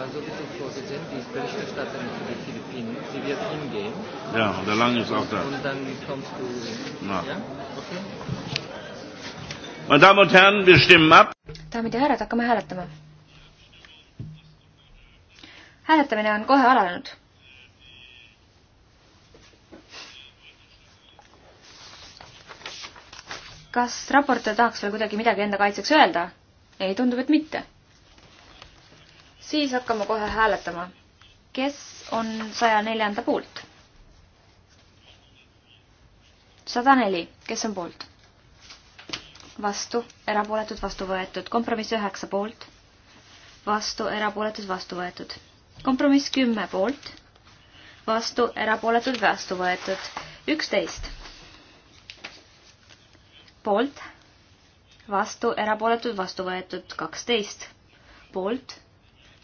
war sowieso vorgesehen, die ist Berichterstatterin für die Philippinen. Sie wird hingehen. Ja, und der Lange ist auch da. Und dann kommst du. Na. Ja? Okay. Meine Damen und Herren, wir stimmen ab. daamid ja härrad, hakkame hääletama. hääletamine on kohe alanud. kas raportöör tahaks veel kuidagi midagi enda kaitseks öelda? ei, tundub, et mitte siis hakkame kohe hääletama, kes on saja neljanda poolt. sada neli, kes on poolt? vastu, erapooletud, vastu võetud, kompromiss üheksa poolt, vastu, erapooletud, vastu võetud, kompromiss kümme poolt, vastu, erapooletud, vastu võetud, üksteist poolt, vastu, erapooletud, vastu võetud, kaksteist poolt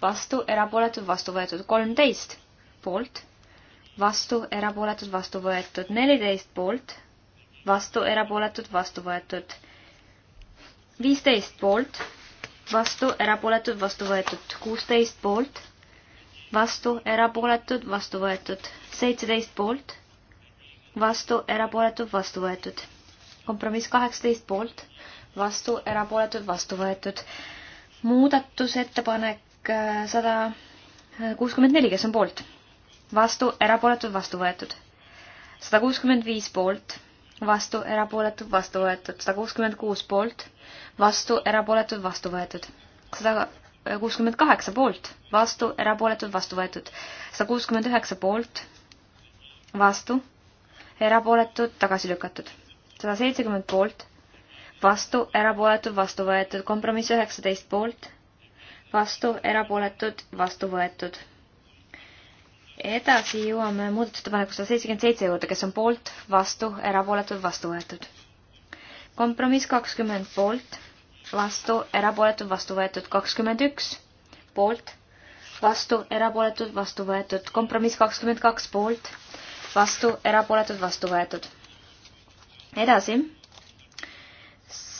vastu, erapooletud, vastu võetud kolmteist poolt, vastu, erapooletud, vastu võetud neliteist poolt, vastu, erapooletud, vastu võetud viisteist poolt, vastu, erapooletud, vastu võetud kuusteist poolt, vastu, erapooletud, vastu võetud seitseteist poolt, vastu, erapooletud, vastu võetud kompromiss kaheksateist poolt, vastu, erapooletud, vastu võetud. muudatusettepanek Äh, sada äh, kuuskümmend neli, kes on poolt, vastu, erapooletud, vastu võetud. sada kuuskümmend viis poolt, vastu, erapooletud, vastu võetud, sada kuuskümmend kuus poolt, vastu, erapooletud, vastu võetud. sada äh, kuuskümmend kaheksa poolt, vastu, erapooletud, vastu võetud. sada kuuskümmend üheksa poolt, vastu, erapooletud, tagasi lükatud. sada seitsekümmend poolt, vastu, erapooletud, vastu võetud, kompromiss üheksateist poolt, vastu, erapooletud, vastu võetud. edasi jõuame muudatusettepaneku sada seitsekümmend seitse juurde, kes on poolt, vastu, erapooletud, vastu võetud. kompromiss kakskümmend poolt, vastu, erapooletud, vastu võetud, kakskümmend üks poolt, vastu, erapooletud, vastu võetud, kompromiss kakskümmend kaks poolt, vastu, erapooletud, vastu võetud. edasi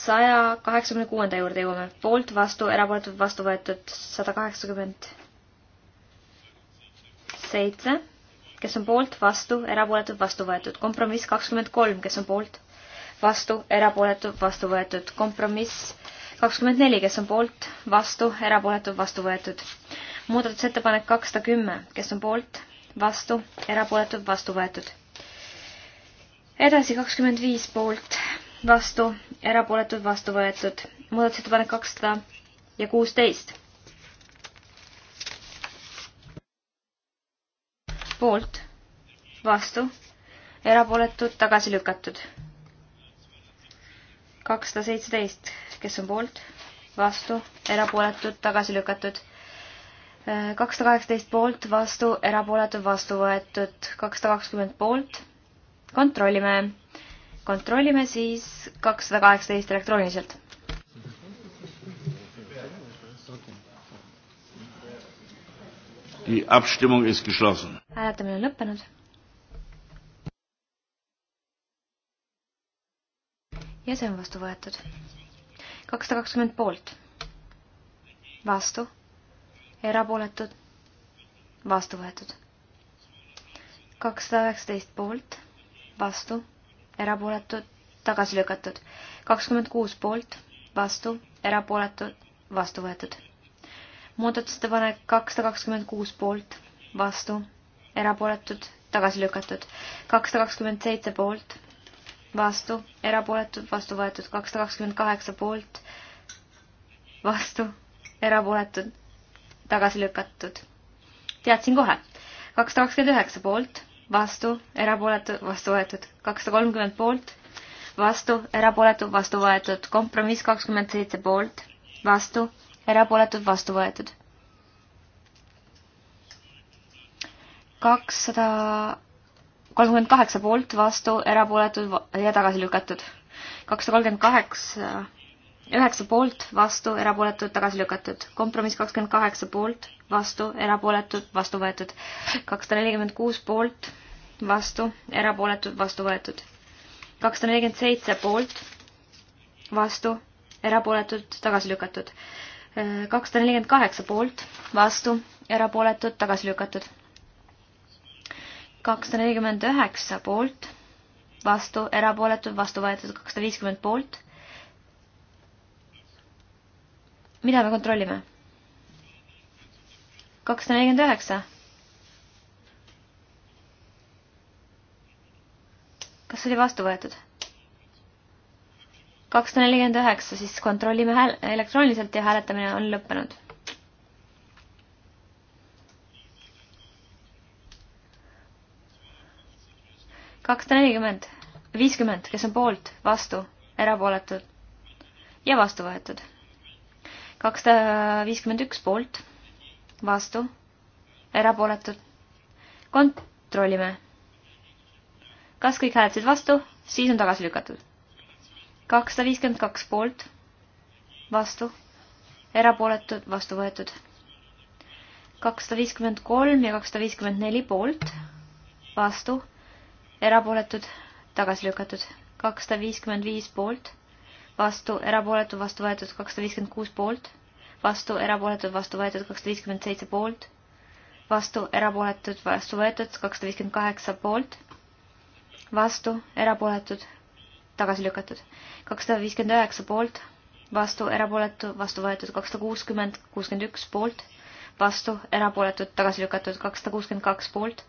saja kaheksakümne kuuenda juurde jõuame. poolt, vastu, erapooletud, vastu võetud sada kaheksakümmend seitse, kes on poolt, vastu, erapooletud, vastu võetud. kompromiss kakskümmend kolm, kes on poolt, vastu, erapooletud, vastu võetud. kompromiss kakskümmend neli, kes on poolt, vastu, erapooletud, vastu võetud. muudatusettepanek kakssada kümme, kes on poolt, vastu, erapooletud, vastu võetud. edasi kakskümmend viis poolt, vastu, erapooletud, vastu võetud. muudatusettepanek kakssada ja kuusteist. poolt, vastu, erapooletud, tagasi lükatud. kakssada seitseteist, kes on poolt, vastu, erapooletud, tagasi lükatud kakssada kaheksateist poolt, vastu, erapooletud, vastu võetud, kakssada kakskümmend poolt. kontrollime kontrollime siis kakssada kaheksateist elektrooniliselt. hääletamine on lõppenud. ja see on vastu võetud. kakssada kakskümmend poolt. vastu. erapooletud. vastu võetud. kakssada üheksateist poolt. vastu erapooletud, tagasi lükatud. kakskümmend kuus poolt, vastu, erapooletud, vastu võetud. muudatusettepanek kakssada kakskümmend kuus poolt, vastu, erapooletud, tagasi lükatud. kakssada kakskümmend seitse poolt, vastu, erapooletud, vastu võetud. kakssada kakskümmend kaheksa poolt, vastu, erapooletud, tagasi lükatud. teadsin kohe. kakssada kakskümmend üheksa poolt, vastu, erapooletu, vastu võetud. kakssada kolmkümmend poolt, vastu, erapooletu, vastu võetud. kompromiss kakskümmend seitse poolt, vastu, erapooletud, vastu võetud. kakssada kolmkümmend kaheksa poolt, vastu, erapooletud ja tagasi lükatud. kakssada kolmkümmend kaheksa üheksa poolt, vastu, erapooletud, tagasi lükatud. kompromiss kakskümmend kaheksa poolt, vastu, erapooletud, vastu võetud. kakssada nelikümmend kuus poolt, vastu, erapooletud, vastu võetud. kakssada nelikümmend seitse poolt, vastu, erapooletud, tagasi lükatud. kakssada nelikümmend kaheksa poolt, vastu, erapooletud, tagasi lükatud. kakssada nelikümmend üheksa poolt, vastu, erapooletud, vastu võetud. kakssada viiskümmend poolt mida me kontrollime? kakssada nelikümmend üheksa. kas see oli vastu võetud? kakssada nelikümmend üheksa, siis kontrollime hääl-, elektrooniliselt ja hääletamine on lõppenud. kakssada nelikümmend, viiskümmend, kes on poolt, vastu, erapooletud ja vastu võetud kakssada viiskümmend üks poolt, vastu, erapooletud. kontrollime. kas kõik hääletasid vastu, siis on tagasi lükatud. kakssada viiskümmend kaks poolt, vastu, erapooletud, vastu võetud. kakssada viiskümmend kolm ja kakssada viiskümmend neli poolt, vastu, erapooletud, tagasi lükatud. kakssada viiskümmend viis poolt vastu, erapooletud, vastu võetud kakssada viiskümmend kuus poolt, vastu, erapooletud, vastu võetud kakssada viiskümmend seitse poolt, vastu, erapooletud, vastu võetud kakssada viiskümmend kaheksa poolt, vastu, erapooletud, tagasi lükatud, kakssada viiskümmend üheksa poolt, vastu, erapooletu, vastu võetud kakssada kuuskümmend, kuuskümmend üks poolt, vastu, erapooletud, tagasi lükatud kakssada kuuskümmend kaks poolt,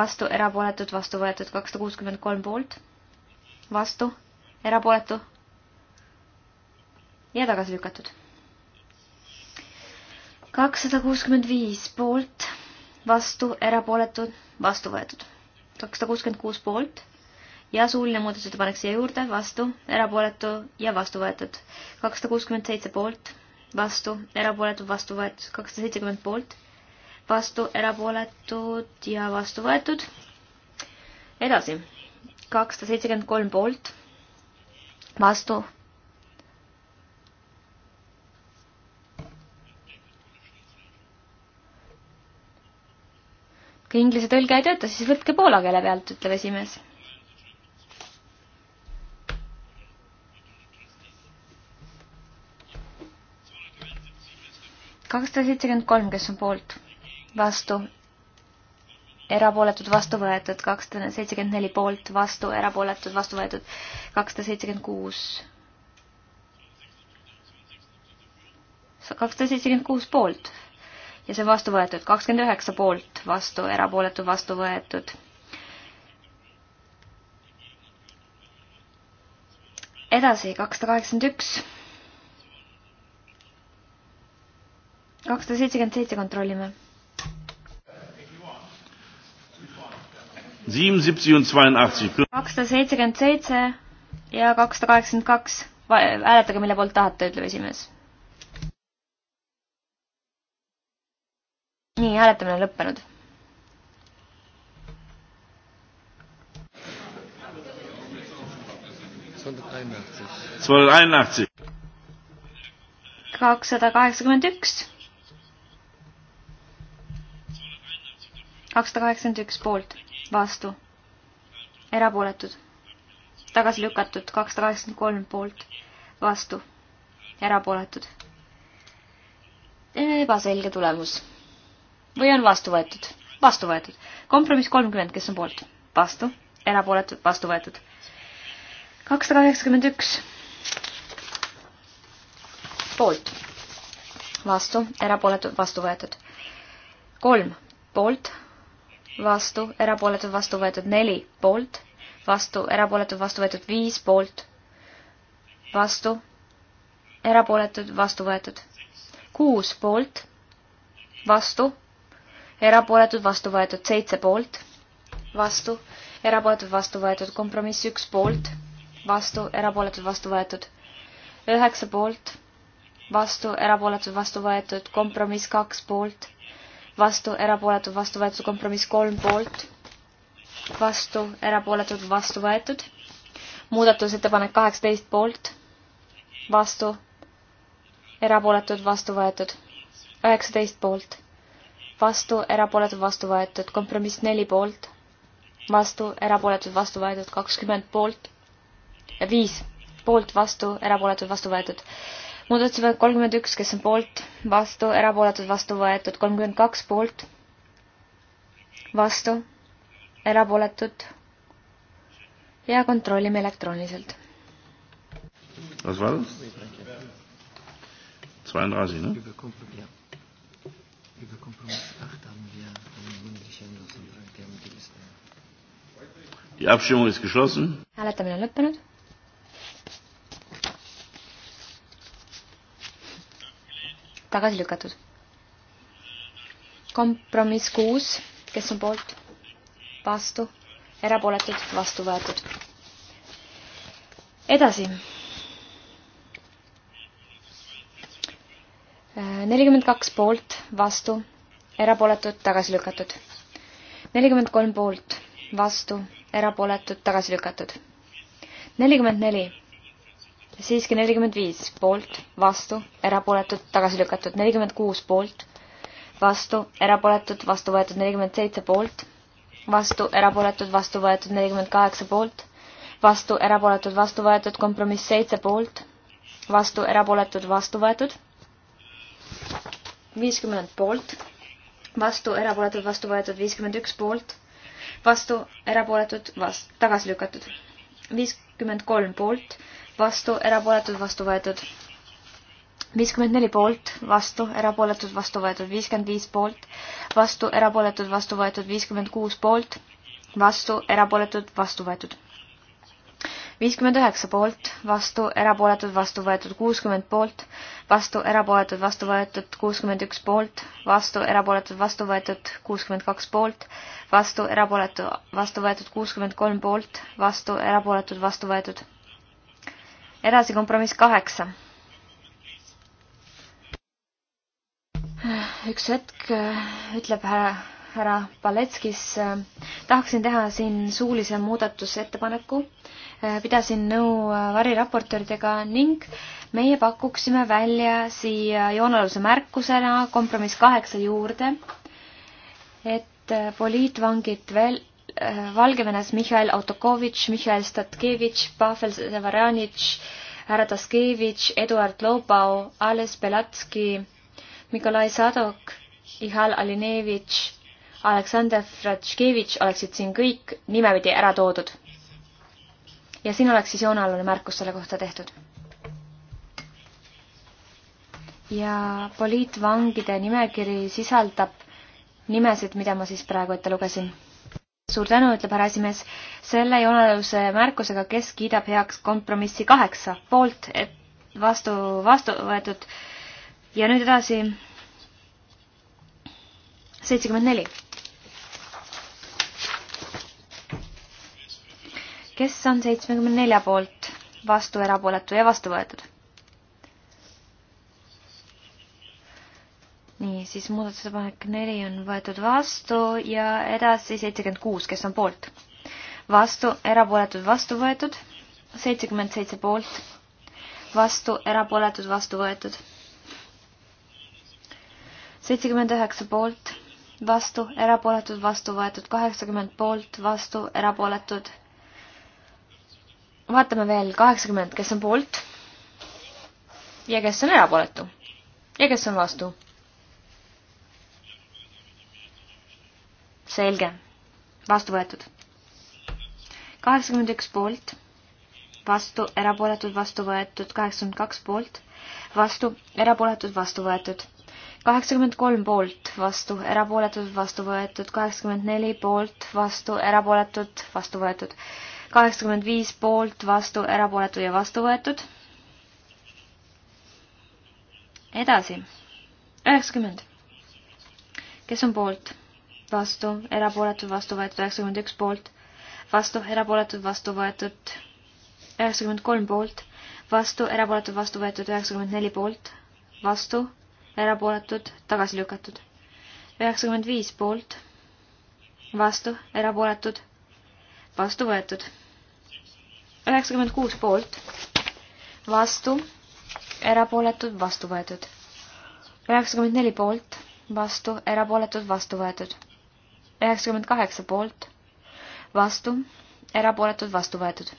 vastu, erapooletud, vastu võetud kakssada kuuskümmend kolm poolt, vastu, erapooletu, ja tagasi lükatud. kakssada kuuskümmend viis poolt, vastu, erapooletud, vastu võetud. kakssada kuuskümmend kuus poolt ja suuline muudatusettepanek siia juurde, vastu, erapooletu ja vastu võetud. kakssada kuuskümmend seitse poolt, vastu, erapooletu, vastu võetud, kakssada seitsekümmend poolt, vastu, erapooletud ja vastu võetud. edasi, kakssada seitsekümmend kolm poolt, vastu, kui inglise tõlge ei tööta, siis võtke poola keele pealt, ütleb esimees. kakssada seitsekümmend kolm, kes on poolt, vastu, erapooletud, vastu võetud, kakssada seitsekümmend neli poolt, vastu, erapooletud, vastu võetud, kakssada seitsekümmend kuus kakssada seitsekümmend kuus poolt, ja see on vastu võetud. kakskümmend üheksa poolt vastu, erapooletud vastu võetud. edasi, kakssada kaheksakümmend üks. kakssada seitsekümmend seitse kontrollime. kakssada seitsekümmend seitse ja kakssada kaheksakümmend kaks. hääletage, mille poolt tahate, ütleb esimees nii, hääletamine on lõppenud. kakssada kaheksakümmend üks. kakssada kaheksakümmend üks poolt, vastu, erapooletud, tagasi lükatud, kakssada kaheksakümmend kolm poolt, vastu, erapooletud ebaselge tulemus või on vastu võetud? vastu võetud. kompromiss kolmkümmend, kes on poolt? vastu, erapooletud, vastu võetud. kakssada kaheksakümmend üks. poolt, vastu, erapooletud, vastu võetud. kolm, poolt, vastu, erapooletud, vastu võetud, neli, poolt, vastu, erapooletud, vastu võetud, viis, poolt, vastu, erapooletud, vastu võetud. kuus poolt, vastu, erapooletud, vastu võetud seitse poolt, vastu, erapooletud, vastu võetud, kompromiss üks poolt, vastu, erapooletud, vastu võetud, üheksa poolt, vastu, erapooletud, vastu võetud, kompromiss kaks poolt, vastu, erapooletud, vastu võetud, kompromiss kolm poolt, vastu, erapooletud, vastu võetud, muudatusettepanek kaheksateist poolt, vastu, erapooletud, vastu võetud, üheksateist poolt vastu, erapooletud, vastu võetud, kompromiss neli poolt, vastu, erapooletud, vastu võetud, kakskümmend poolt, viis poolt, vastu, erapooletud, vastu võetud. muudatusettepanek kolmkümmend üks, kes on poolt, vastu, erapooletud, vastu võetud, kolmkümmend kaks poolt, vastu, erapooletud ja kontrollime elektrooniliselt. Was war das? 32, ne? Über Kompromiss 8 haben wir einen mündlichen Änderungsantrag, der mit ist. Die Abstimmung ist geschlossen. Hääletamine on lõppenud. tagasi lükatud. kompromiss kuus, kes on poolt, vastu, erapooletud, vastu võetud. edasi e, nelikümmend kaks poolt, vastu, erapooletud, tagasi lükatud. nelikümmend kolm poolt, vastu, erapooletud, tagasi lükatud. nelikümmend neli, siiski nelikümmend viis poolt, vastu, erapooletud, tagasi lükatud. nelikümmend kuus poolt, vastu, erapooletud, vastu võetud nelikümmend seitse poolt, vastu, erapooletud, vastu võetud nelikümmend kaheksa poolt, vastu, erapooletud, vastu võetud, kompromiss seitse poolt, vastu, erapooletud, vastu võetud viiskümmend poolt, vastu, erapooletud, vastu võetud, viiskümmend üks poolt, vastu, erapooletud, vast-, tagasi lükatud. viiskümmend kolm poolt, vastu, erapooletud, vastu võetud. viiskümmend neli poolt, vastu, erapooletud, vastu võetud, viiskümmend viis poolt, vastu, erapooletud, vastu võetud, viiskümmend kuus poolt, vastu, erapooletud, vastu võetud viiskümmend üheksa poolt, vastu, erapooletud, vastu võetud kuuskümmend poolt, vastu, erapooletud, vastu võetud kuuskümmend üks poolt, vastu, erapooletud, vastu võetud kuuskümmend kaks poolt, vastu, erapooletu, vastu võetud kuuskümmend kolm poolt, vastu, erapooletud, vastu võetud. edasi kompromiss kaheksa. üks hetk, ütleb härra härra Paletskis, äh, tahaksin teha siin suulise muudatusettepaneku. Äh, pidasin nõu äh, variraportööridega ning meie pakuksime välja siia joonealuse märkusena kompromiss kaheksa juurde, et poliitvangid veel Valgevenes Mihhail Autokovitš, Mihhail Statkevitš, Pavel Severanitš, härra Taskevitš, Eduard Lobau, Ales Belatski, Nikolai Sadok, Ihal Alinevitš, Aleksander Fratškevitš oleksid siin kõik nimepidi ära toodud. ja siin oleks siis joonealune märkus selle kohta tehtud. ja poliitvangide nimekiri sisaldab nimesid, mida ma siis praegu ette lugesin. suur tänu, ütleb härra esimees. selle joonealuse märkusega, kes kiidab heaks kompromissi kaheksa poolt, et vastu, vastu võetud. ja nüüd edasi. seitsekümmend neli kes on seitsmekümne nelja poolt, vastu, erapooletu ja vastu võetud? nii, siis muudatusettepanek neli on võetud vastu ja edasi seitsekümmend kuus, kes on poolt? vastu, erapooletud, vastu võetud, seitsekümmend seitse poolt, vastu, erapooletud, vastu võetud. seitsekümmend üheksa poolt, vastu, erapooletud, vastu võetud, kaheksakümmend poolt, vastu, erapooletud vaatame veel kaheksakümmend, kes on poolt ja kes on erapooletu ja kes on vastu. selge, vastu võetud. kaheksakümmend üks poolt, vastu, erapooletud, vastu võetud, kaheksakümmend kaks poolt, vastu, erapooletud, vastu võetud kaheksakümmend kolm poolt, vastu, erapooletud, vastu võetud, kaheksakümmend neli poolt, vastu, erapooletud, vastu võetud kaheksakümmend viis poolt, vastu, erapooletu ja vastu võetud. edasi, üheksakümmend. kes on poolt? vastu, erapooletud, vastu võetud, üheksakümmend üks poolt, vastu, erapooletud, vastu võetud, üheksakümmend kolm poolt, vastu, erapooletud, vastu võetud, üheksakümmend neli poolt, vastu, erapooletud, tagasi lükatud, üheksakümmend viis poolt, vastu, erapooletud, vastu võetud. üheksakümmend kuus poolt, vastu, erapooletud, vastu võetud. üheksakümmend neli poolt, vastu, erapooletud, vastu võetud. üheksakümmend kaheksa poolt, vastu, erapooletud, vastu võetud.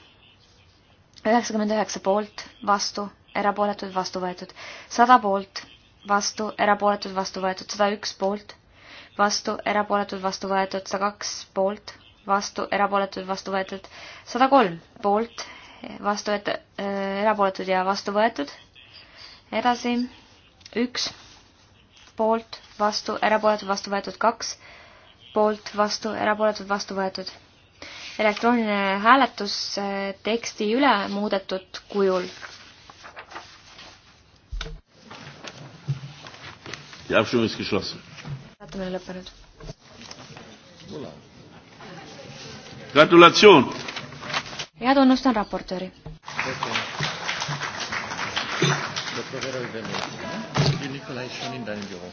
üheksakümmend üheksa poolt, vastu, erapooletud, vastu võetud. sada poolt, vastu, erapooletud, vastu võetud. sada üks poolt, vastu, erapooletud, vastu võetud. sada kaks poolt vastu, erapooletud, vastu võetud. sada kolm poolt, vastu võet-, äh, erapooletud ja vastu võetud. edasi üks poolt, vastu, erapooletud, vastu võetud, kaks poolt, vastu, erapooletud, vastu võetud. elektrooniline hääletus äh, teksti üle muudetud kujul. hääletamine lõppenud gratulatsioon! ja tunnustan raportööri. Nikolai Šonin Daimjov.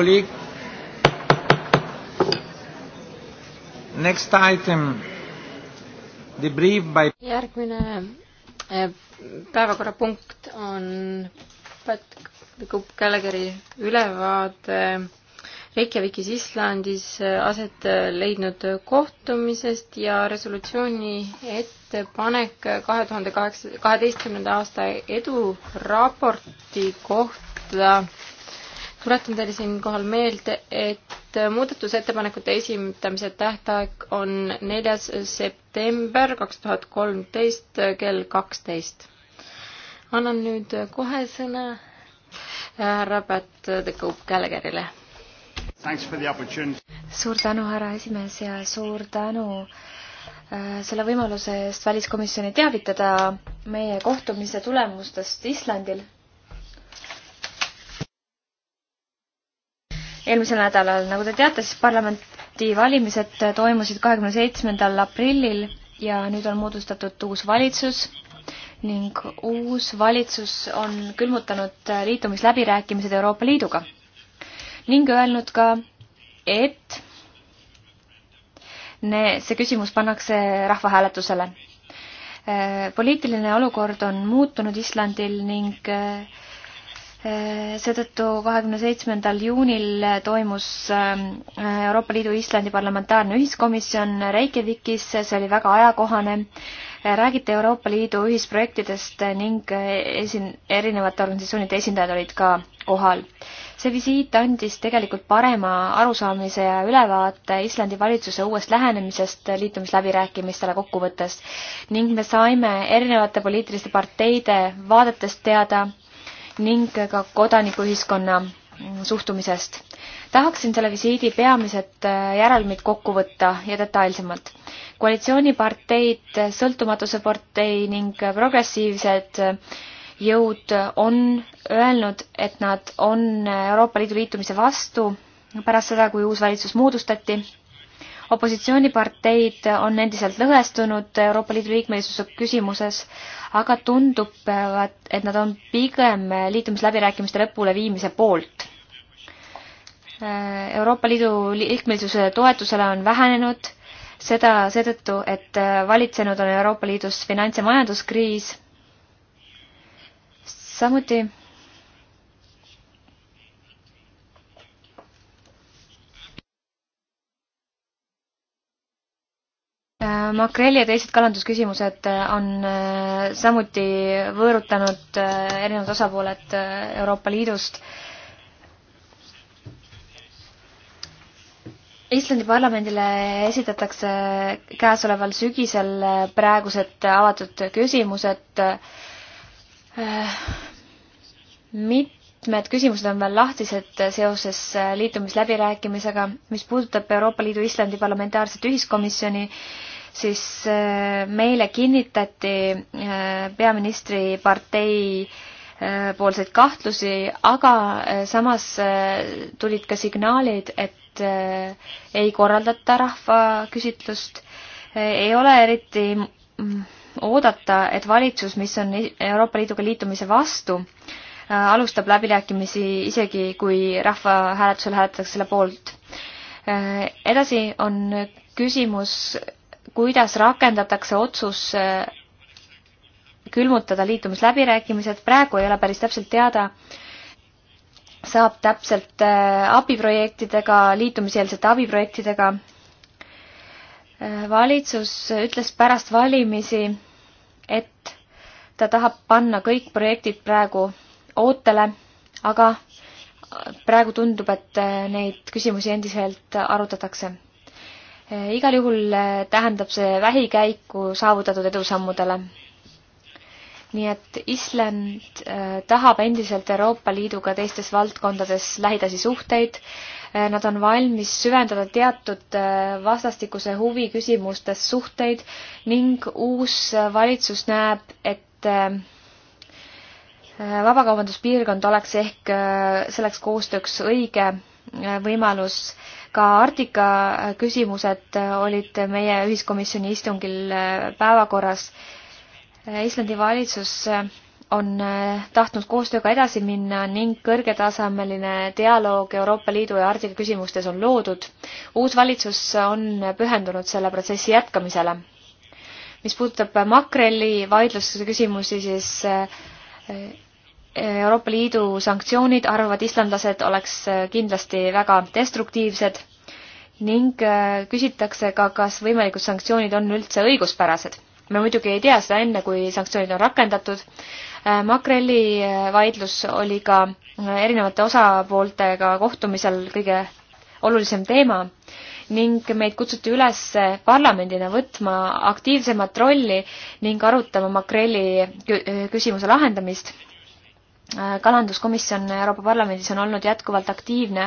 colleague. Next item, the brief by järgmine eh, päevakorrapunkt on Pat Gallageri ülevaade Reykjavikis Islandis eh, aset leidnud kohtumisest ja resolutsiooni ettepanek kahe tuhande kaheksa, kaheteistkümnenda aasta eduraporti kohta tuletan teile siinkohal meelde, et muudatusettepanekute esindamise tähtaeg on neljas september kaks tuhat kolmteist kell kaksteist. annan nüüd kohe sõna äh, härra Pätt de Kaup-Kälegerile. suur tänu, härra esimees ja suur tänu äh, selle võimaluse eest väliskomisjoni teavitada meie kohtumise tulemustest Islandil eelmisel nädalal, nagu te teate, siis parlamendivalimised toimusid kahekümne seitsmendal aprillil ja nüüd on moodustatud uus valitsus ning uus valitsus on külmutanud liitumisläbirääkimised Euroopa Liiduga ning öelnud ka, et see küsimus pannakse rahvahääletusele. poliitiline olukord on muutunud Islandil ning äh, seetõttu kahekümne seitsmendal juunil toimus ähm, Euroopa Liidu Islandi parlamentaarne ühiskomisjon Reykjavikis, see oli väga ajakohane. räägiti Euroopa Liidu ühisprojektidest ning äh, esin-, erinevate organisatsioonide esindajad olid ka kohal. see visiit andis tegelikult parema arusaamise ja ülevaate Islandi valitsuse uuest lähenemisest liitumisläbirääkimistele kokkuvõttes ning me saime erinevate poliitiliste parteide vaadetest teada, ning ka kodanikuühiskonna suhtumisest. tahaksin selle visiidi peamised äh, järelmid kokku võtta ja detailsemalt. koalitsiooniparteid, Sõltumatuse partei ning progressiivsed äh, jõud on öelnud, et nad on Euroopa Liidu liitumise vastu pärast seda, kui uus valitsus moodustati opositsiooniparteid on endiselt lõhestunud Euroopa Liidu liikmelisuse küsimuses, aga tundub, et nad on pigem liitumisläbirääkimiste lõpuleviimise poolt. Euroopa Liidu liikmelisuse toetusele on vähenenud, seda seetõttu, et valitsenud on Euroopa Liidus finants- ja majanduskriis, samuti makreli ja teised kalandusküsimused on äh, samuti võõrutanud äh, erinevad osapooled äh, Euroopa Liidust. Islandi parlamendile esitatakse käesoleval sügisel praegused avatud küsimused. mitmed küsimused on veel lahtised seoses liitumisläbirääkimisega, mis puudutab Euroopa Liidu Islandi parlamentaarset ühiskomisjoni siis äh, meile kinnitati äh, peaministri partei äh, poolseid kahtlusi, aga samas tulid ka signaalid, et ei korraldata rahvaküsitlust, ei ole eriti mm, oodata, et valitsus, mis on Euroopa Liiduga liitumise vastu, alustab läbirääkimisi isegi, kui rahvahääletusel hääletatakse selle poolt. edasi on küsimus kuidas rakendatakse otsus äh, külmutada liitumisläbirääkimised, praegu ei ole päris täpselt teada, saab täpselt äh, abiprojektidega, liitumiseelsete abiprojektidega. Äh, valitsus ütles pärast valimisi, et ta tahab panna kõik projektid praegu ootele, aga praegu tundub, et neid küsimusi endiselt arutatakse Eh, igal juhul eh, tähendab see vähikäiku saavutatud edusammudele. nii et Island eh, tahab endiselt Euroopa Liiduga teistes valdkondades lähedasi suhteid. Nad on valmis süvendada teatud vastastikuse huvi küsimustes suhteid ning uus valitsus näeb, et vabakaubanduspiirkond oleks ehk selleks koostööks õige Äh, võimalus. ka Arktika küsimused olid meie ühiskomisjoni istungil äh, päevakorras. Äh, Islandi valitsus on tahtnud koostööga edasi minna ning kõrgetasemeline dialoog Euroopa Liidu ja Arktika küsimustes on loodud. uus valitsus on pühendunud selle protsessi jätkamisele. mis puudutab makrelli vaidlustuse küsimusi, siis Euroopa Liidu sanktsioonid, arvavad islamlased, oleks äh, kindlasti väga destruktiivsed ning äh, küsitakse ka, kas võimalikud sanktsioonid on üldse õiguspärased. me muidugi ei tea seda enne, kui sanktsioonid on rakendatud. Äh, Makreli vaidlus oli ka erinevate osapooltega kohtumisel kõige olulisem teema ning meid kutsuti üles parlamendina võtma aktiivsemat rolli ning arutama Makreli küsimuse lahendamist Äh, kalanduskomisjon Euroopa Parlamendis on olnud jätkuvalt aktiivne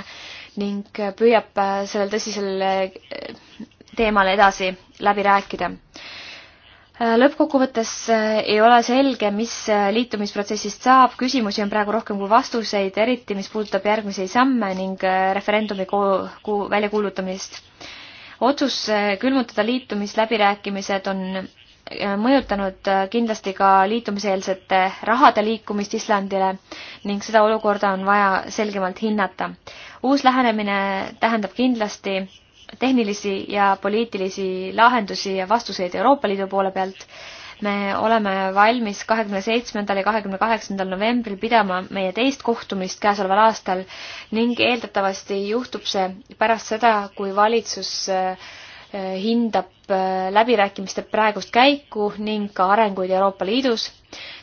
ning äh, püüab äh, sellel tõsisel teemal edasi läbi rääkida. lõppkokkuvõttes ei ole selge, mis liitumisprotsessist saab, küsimusi on praegu rohkem kui vastuseid, eriti mis puudutab järgmisi samme ning referendumi ku-, ku-, väljakuulutamist. otsus külmutada liitumisläbirääkimised on Äh, mõjutanud äh, kindlasti ka liitumiseelsete rahade liikumist Islandile ning seda olukorda on vaja selgemalt hinnata. uus lähenemine tähendab kindlasti tehnilisi ja poliitilisi lahendusi ja vastuseid Euroopa Liidu poole pealt. me oleme valmis kahekümne seitsmendal ja kahekümne kaheksandal novembril pidama meie teist kohtumist käesoleval aastal ning eeldatavasti juhtub see pärast seda, kui valitsus äh, hindab äh, läbirääkimiste praegust käiku ning ka arenguid Euroopa Liidus.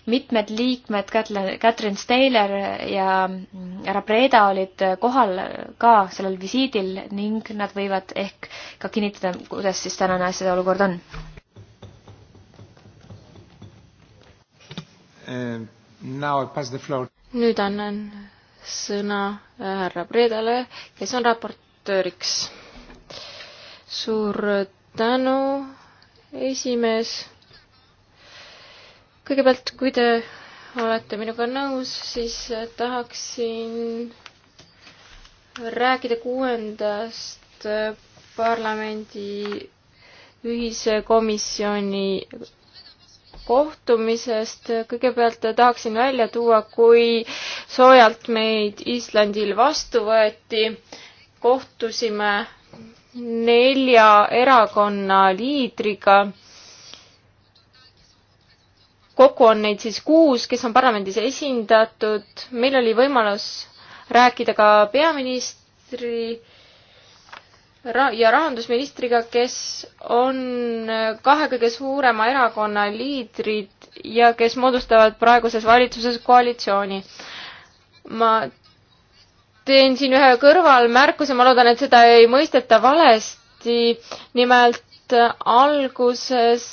mitmed liikmed, Catherine Staler ja mm, härra Breda olid äh, kohal ka sellel visiidil ning nad võivad ehk ka kinnitada, kuidas siis tänane asjade olukord on. Ähm, nüüd annan sõna äh, härra Bredale, kes on raportööriks suur tänu, esimees. kõigepealt, kui te olete minuga nõus, siis tahaksin rääkida kuuendast parlamendi ühise komisjoni kohtumisest. kõigepealt tahaksin välja tuua, kui soojalt meid Islandil vastu võeti. kohtusime nelja erakonna liidriga. kokku on neid siis kuus, kes on parlamendis esindatud. meil oli võimalus rääkida ka peaministri ja rahandusministriga, kes on kahe kõige suurema erakonna liidrid ja kes moodustavad praeguses valitsuses koalitsiooni. ma teen siin ühe kõrvalmärkuse, ma loodan, et seda ei mõisteta valesti. nimelt alguses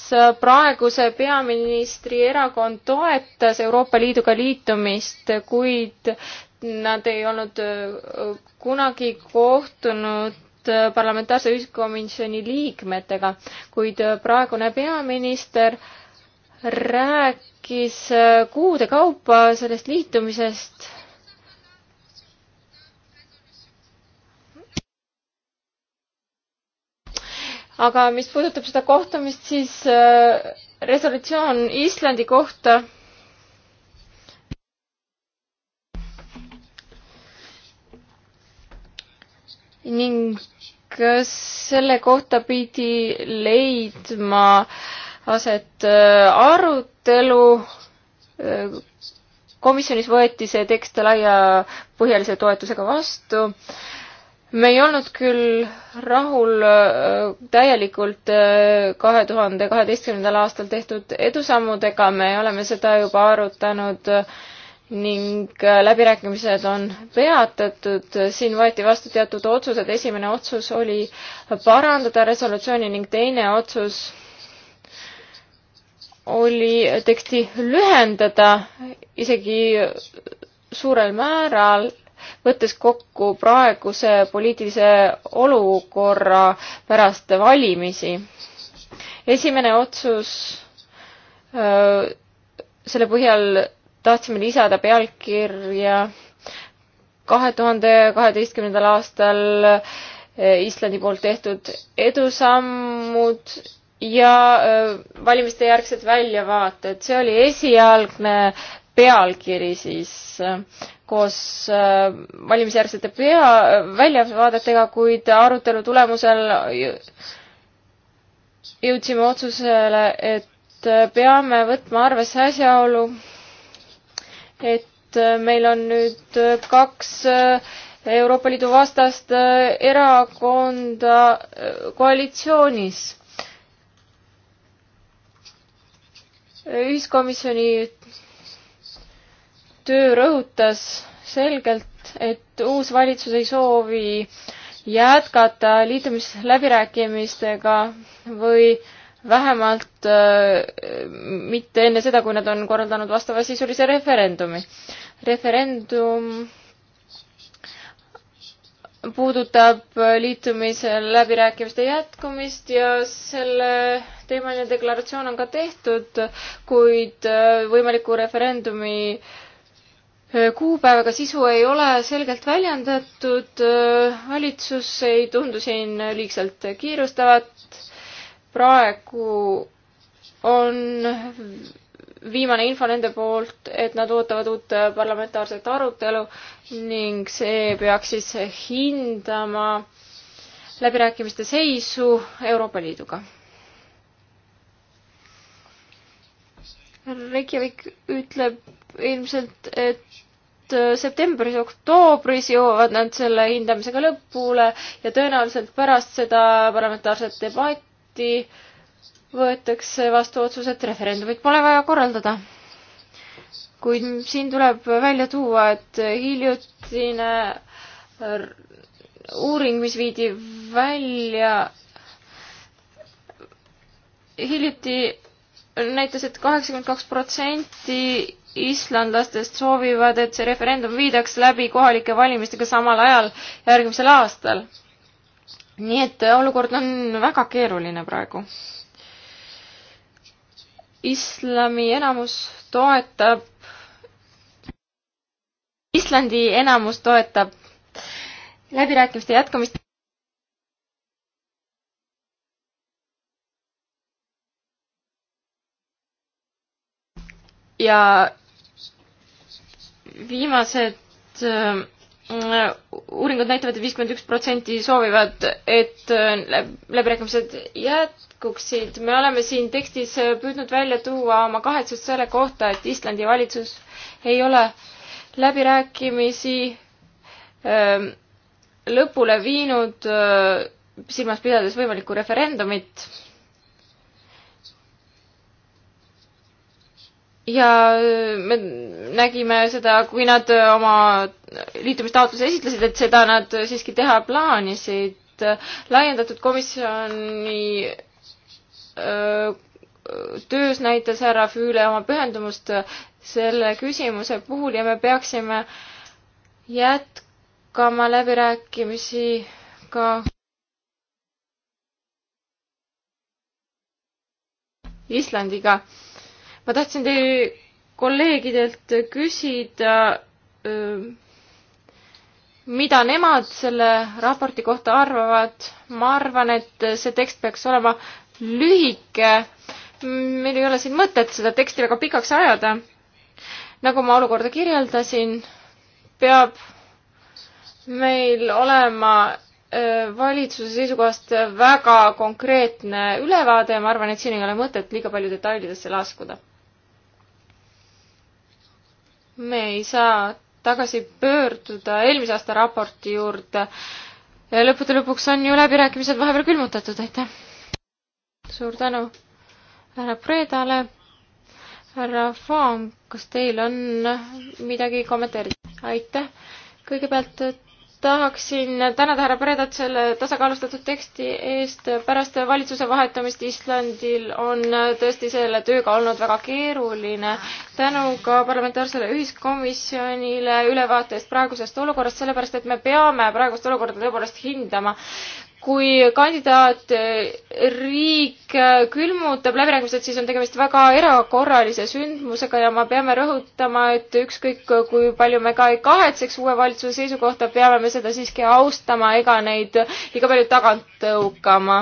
praeguse peaministri erakond toetas Euroopa Liiduga liitumist, kuid nad ei olnud äh, kunagi kohtunud äh, parlamentaarse ühiskomisjoni liikmetega, kuid äh, praegune peaminister rääkis kuude kaupa sellest liitumisest aga mis puudutab seda kohtumist, siis äh, resolutsioon Islandi kohta ning kas selle kohta pidi leidma aset äh, arutelu. Äh, komisjonis võeti see tekst laiapõhjalise toetusega vastu me ei olnud küll rahul äh, täielikult äh, kahe tuhande kaheteistkümnendal aastal tehtud edusammudega, me oleme seda juba arutanud ning äh, läbirääkimised on peatatud, siin võeti vastu teatud otsused, esimene otsus oli parandada resolutsiooni ning teine otsus oli teksti lühendada isegi suurel määral võttes kokku praeguse poliitilise olukorra pärast valimisi. esimene otsus, selle põhjal tahtsime lisada pealkirja kahe tuhande kaheteistkümnendal aastal Islandi poolt tehtud edusammud ja valimiste järgsed väljavaated, see oli esialgne pealkiri siis koos äh, valimisjärgsete pea, väljavaadetega, kuid arutelu tulemusel jõudsime otsusele, et äh, peame võtma arvesse asjaolu, et äh, meil on nüüd kaks Euroopa Liidu vastast erakonda koalitsioonis. ühiskomisjoni töö rõhutas selgelt, et uus valitsus ei soovi jätkata liitumisläbirääkimistega või vähemalt äh, mitte enne seda, kui nad on korraldanud vastavasisulise referendumi. referendum puudutab liitumise läbirääkimiste jätkumist ja selle teemaline deklaratsioon on ka tehtud, kuid äh, võimaliku referendumi äh, kuupäevaga sisu ei ole selgelt väljendatud, valitsus ei tundu siin liigselt kiirustavat. praegu on viimane info nende poolt, et nad ootavad uut parlamentaarset arutelu ning see peaks siis hindama läbirääkimiste seisu Euroopa Liiduga. Reykjavik ütleb ilmselt, et äh, septembris-oktoobris jõuavad nad selle hindamisega lõpule ja tõenäoliselt pärast seda parlamentaarset debatti võetakse vastu otsus, et referendumit pole vaja korraldada. kuid siin tuleb välja tuua, et hiljutine uuring, mis viidi välja hiljuti näitas et, et kaheksakümmend kaks protsenti islandlastest soovivad, et see referendum viidaks läbi kohalike valimistega samal ajal järgmisel aastal. nii et olukord on väga keeruline praegu. islami enamus toetab, Islandi enamus toetab läbirääkimiste jätkamist. ja viimased äh, uuringud näitavad et, et viiskümmend üks protsenti soovivad, et äh, läbirääkimised jätkuksid. me oleme siin tekstis püüdnud välja tuua oma kahetsust selle kohta, et Islandi valitsus ei ole läbirääkimisi ähm, lõpule viinud, äh, silmas pidades võimalikku referendumit ja äh, me nägime seda, kui nad äh, oma liitumistaotluse esitlesid, et seda nad äh, siiski teha plaanisid. laiendatud komisjoni töös näitas härra Füüle oma pühendumust selle küsimuse puhul ja me peaksime jätkama läbirääkimisi ka Islandiga ma tahtsin teie kolleegidelt küsida, ähm, mida nemad selle raporti kohta arvavad. ma arvan, et see tekst peaks olema lühike. meil ei ole siin mõtet seda teksti väga pikaks ajada. nagu ma olukorda kirjeldasin, peab meil olema äh, valitsuse seisukohast väga konkreetne ülevaade ja ma arvan, et siin ei ole mõtet liiga palju detailidesse laskuda me ei saa tagasi pöörduda eelmise aasta raporti juurde. lõppude lõpuks on ju läbirääkimised vahepeal külmutatud, aitäh. suur tänu härra Predale. härra Faam, kas teil on midagi kommenteerida? aitäh. kõigepealt tahaksin tänada härra Predat selle tasakaalustatud teksti eest. pärast valitsuse vahetamist Islandil on tõesti selle tööga olnud väga keeruline. tänu ka parlamentaarsele ühiskomisjonile ülevaate eest praegusest olukorrast, sellepärast et me peame praegust olukorda tõepoolest hindama kui kandidaatriik külmutab läbirääkimised, siis on tegemist väga erakorralise sündmusega ja me peame rõhutama, et ükskõik kui palju me ka ei kahetseks uue valitsuse seisukohta, peame me seda siiski austama ega neid liiga palju tagant tõukama.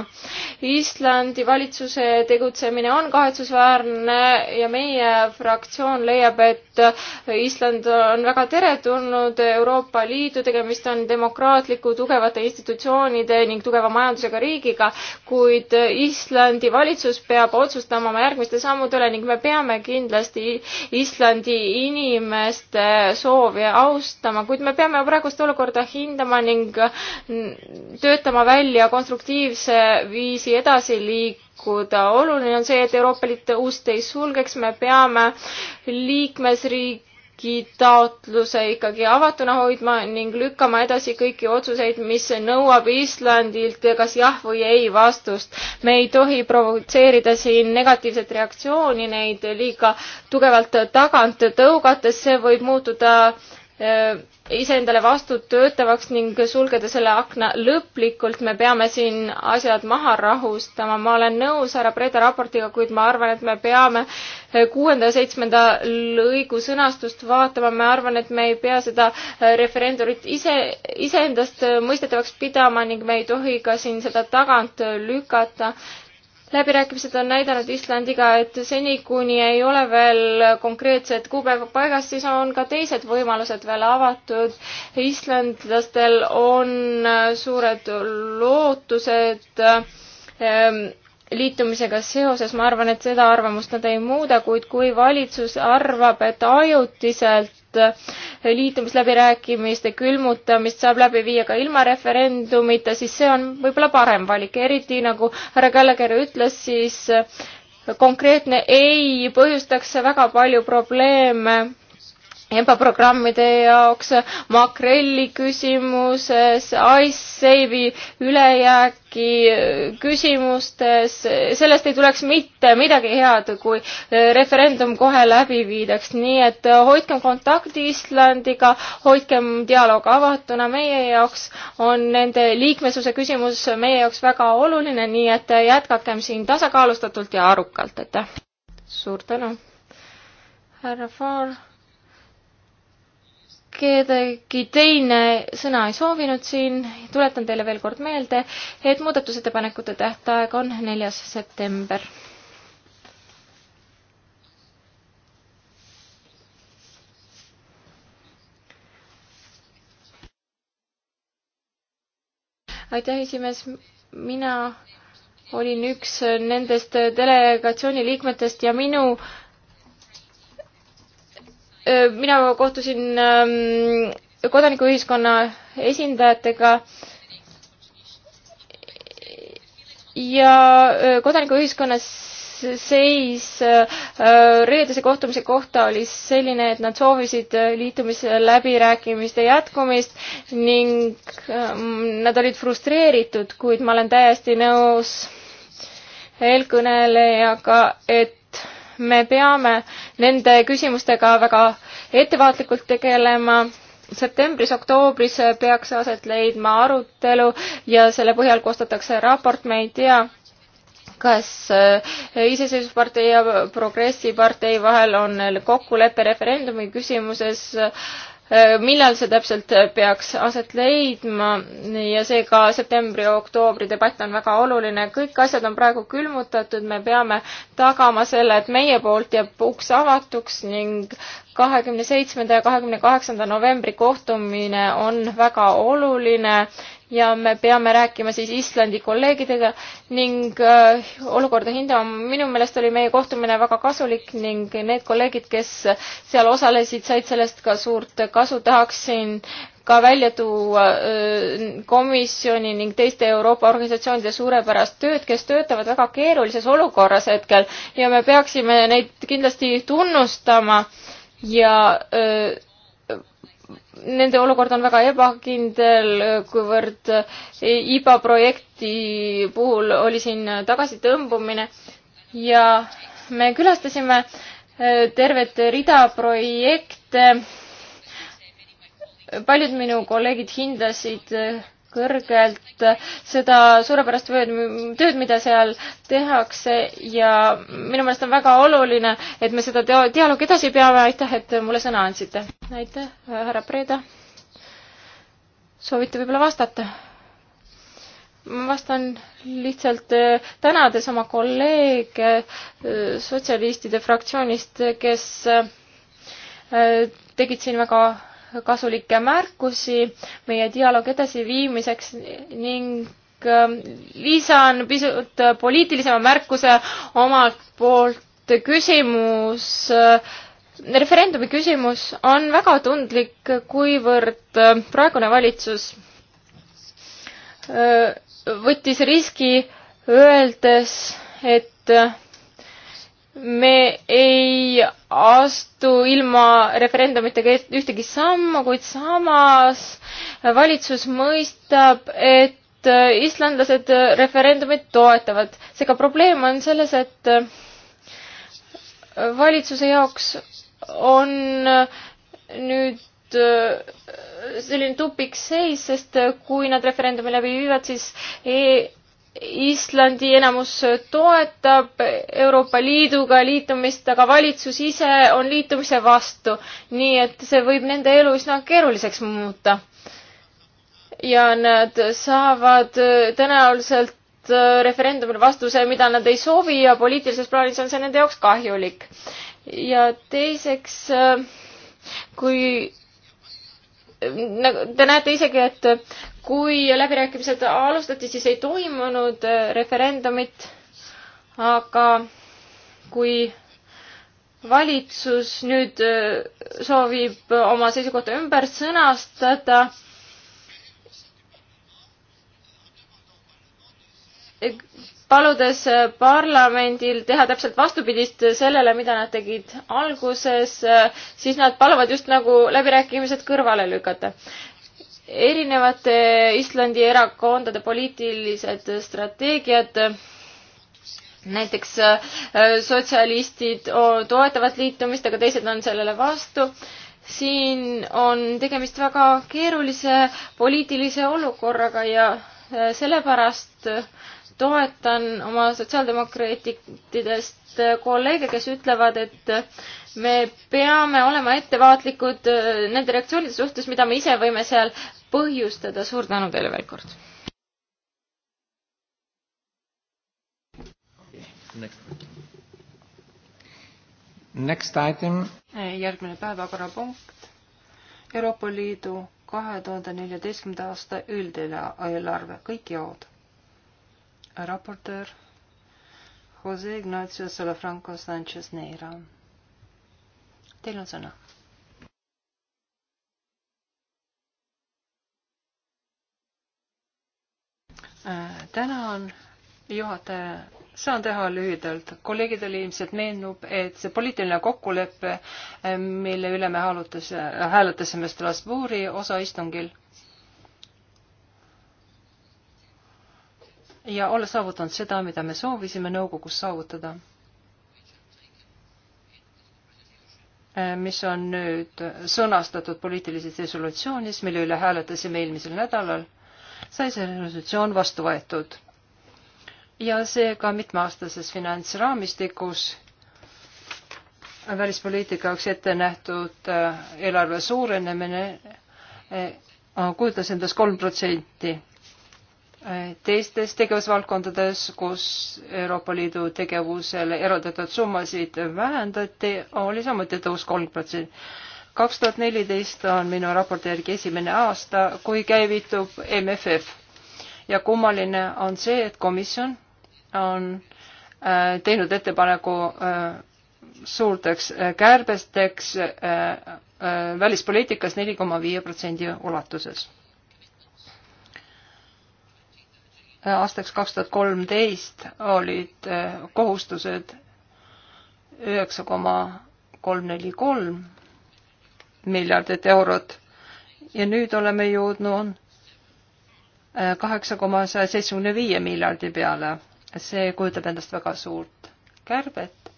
Islandi valitsuse tegutsemine on kahetsusväärne ja meie fraktsioon leiab, et Island on väga teretulnud Euroopa Liidu, tegemist on demokraatliku, tugevate institutsioonide ning tugeva majandusega riigiga, kuid Islandi valitsus peab otsustama oma järgmiste sammude üle ning me peame kindlasti Islandi inimeste soovi austama, kuid me peame praegust olukorda hindama ning töötama välja konstruktiivse viisi edasiliik-, liikuda. oluline on see, et Euroopa Liit ust ei sulgeks, me peame liikmesriik, taotluse ikkagi avatuna hoidma ning lükkama edasi kõiki otsuseid, mis nõuab Islandilt kas jah või ei vastust. me ei tohi provotseerida siin negatiivset reaktsiooni neid liiga tugevalt tagant tõugates, see võib muutuda äh, Äh, iseendale vastu töötavaks ning sulgeda selle akna lõplikult, me peame siin asjad maha rahustama. ma olen nõus härra Preda raportiga, kuid ma arvan, et me peame äh, kuuenda ja seitsmenda lõigu sõnastust vaatama. ma arvan, et me ei pea seda äh, referendumit ise, iseendast mõistetavaks pidama ning me ei tohi ka siin seda tagant lükata läbirääkimised on näidanud Islandiga, et seni, kuni ei ole veel konkreetset kuupäeva paigas, siis on ka teised võimalused veel avatud. islandlastel on suured lootused ehm, liitumisega seoses, ma arvan, et seda arvamust nad ei muuda, kuid kui valitsus arvab, et ajutiselt Äh, liitumisläbirääkimiste külmutamist saab läbi viia ka ilma referendumita, siis see on võib-olla parem valik, eriti nagu härra Kallagere ütles, siis äh, konkreetne ei põhjustaks väga palju probleeme ebaprogrammide jaoks, makrelli küsimuses, Icesave'i ülejääki küsimustes, sellest ei tuleks mitte midagi head, kui referendum kohe läbi viidaks, nii et hoidkem kontakti Islandiga, hoidkem dialoog avatuna, meie jaoks on nende liikmesuse küsimus meie jaoks väga oluline, nii et jätkakem siin tasakaalustatult ja arukalt, aitäh! suur tänu, härra Faar! kedagi teine sõna ei soovinud siin, tuletan teile veel kord meelde, et muudatusettepanekute tähtaeg on neljas september. aitäh, esimees, mina olin üks nendest delegatsiooni liikmetest ja minu äh, mina kohtusin kodanikuühiskonna esindajatega ja kodanikuühiskonnas seis reedese kohtumise kohta oli selline, et nad soovisid liitumisläbirääkimiste jätkumist ning nad olid frustreeritud, kuid ma olen täiesti nõus eelkõnelejaga, et me peame nende küsimustega väga ettevaatlikult tegelema. septembris-oktoobris peaks aset leidma arutelu ja selle põhjal koostatakse raport, me ei tea, kas äh, Iseseisvuspartei ja Progressipartei vahel on kokkulepe referendumi küsimuses äh, Äh, millal see täpselt äh, peaks aset leidma ja seega septembri-oktoobri debatt on väga oluline. kõik asjad on praegu külmutatud, me peame tagama selle, et meie poolt jääb uks avatuks ning kahekümne seitsmenda ja kahekümne kaheksanda novembri kohtumine on väga oluline ja me peame rääkima siis Islandi kolleegidega ning äh, olukorda hindama. minu meelest oli meie kohtumine väga kasulik ning need kolleegid, kes seal osalesid, said sellest ka suurt kasu. tahaksin ka välja tuua äh, komisjoni ning teiste Euroopa organisatsioonide suurepärast tööd, kes töötavad väga keerulises olukorras hetkel ja me peaksime neid kindlasti tunnustama ja öö, äh, nende olukord on väga ebakindel, kuivõrd IBA projekti puhul oli siin tagasitõmbumine ja me külastasime äh, tervet rida projekte. paljud minu kolleegid hindasid äh, kõrgelt seda suurepärast tööd, tööd, mida seal tehakse ja minu meelest on väga oluline, et me seda dialoogi edasi peame. aitäh, et mulle sõna andsite. aitäh, härra Preeda. soovite võib-olla vastata? ma vastan lihtsalt äh, tänades oma kolleege äh, sotsialistide fraktsioonist, kes äh, tegid siin väga kasulikke märkusi meie dialoogi edasiviimiseks ning ähm, lisan pisut poliitilisema märkuse omalt poolt küsimus äh, referendumi küsimus on väga tundlik, kuivõrd äh, praegune valitsus äh, võttis riski, öeldes, et me ei astu ilma referendumitega ühtegi sammu, kuid samas valitsus mõistab, et islandlased referendumit toetavad. seega probleem on selles, et valitsuse jaoks on nüüd selline tupikseis, sest kui nad referendumi läbi viivad, siis e Islandi enamus toetab Euroopa Liiduga liitumist, aga valitsus ise on liitumise vastu. nii et see võib nende elu üsna keeruliseks muuta. ja nad saavad tõenäoliselt äh, referendumil vastuse, mida nad ei soovi ja poliitilises plaanis on see nende jaoks kahjulik. ja teiseks, äh, kui nagu te näete isegi, et kui läbirääkimised alustati, siis ei toimunud äh, referendumit, aga kui valitsus nüüd äh, soovib oma seisukohta ümber sõnastada, paludes parlamendil teha täpselt vastupidist sellele, mida nad tegid alguses, siis nad paluvad just nagu läbirääkimised kõrvale lükata. erinevate Islandi erakondade poliitilised strateegiad näiteks äh, sotsialistid toetavad liitumist, aga teised on sellele vastu. siin on tegemist väga keerulise poliitilise olukorraga ja äh, sellepärast toetan oma sotsiaaldemokraatidest kolleege, kes ütlevad, et me peame olema ettevaatlikud äh, nende reaktsioonide suhtes, mida me ise võime seal põhjustada. suur tänu teile veel kord. Next item. järgmine päevakorrapunkt. Euroopa Liidu kahe tuhande neljateistkümnenda aasta üldeelarve, kõik jaod raportöör Jose Ignacio Salafranco Sanchez Neira. Teil on sõna. Äh, tänan, juhataja. saan teha lühidalt. kolleegidele ilmselt meenub, et see poliitiline kokkulepe, äh, mille üle me hääletasime Strasbourgi osaistungil ja olla saavutanud seda, mida me soovisime nõukogus saavutada, äh, mis on nüüd sõnastatud poliitilises resolutsioonis, mille üle hääletasime eelmisel nädalal, sai see resolutsioon vastu võetud. ja seega mitmeaastases finantsraamistikus välispoliitika jaoks ette nähtud äh, eelarve suurenemine äh, kujutas endast kolm protsenti teistes tegevusvaldkondades, kus Euroopa Liidu tegevusele eraldatud summasid vähendati, oli samuti tõus kolm protsenti. kaks tuhat neliteist on minu raporti järgi esimene aasta, kui käivitub MFF ja kummaline on see, et komisjon on äh, teinud ettepaneku äh, suurteks äh, kärbesteks välispoliitikas neli koma viie protsendi ulatuses aastaks kaks tuhat kolmteist olid eh, kohustused üheksa koma kolm neli kolm miljardit eurot ja nüüd oleme jõudnud eh, kaheksa koma saja seitsmekümne viie miljardi peale. see kujutab endast väga suurt kärbet.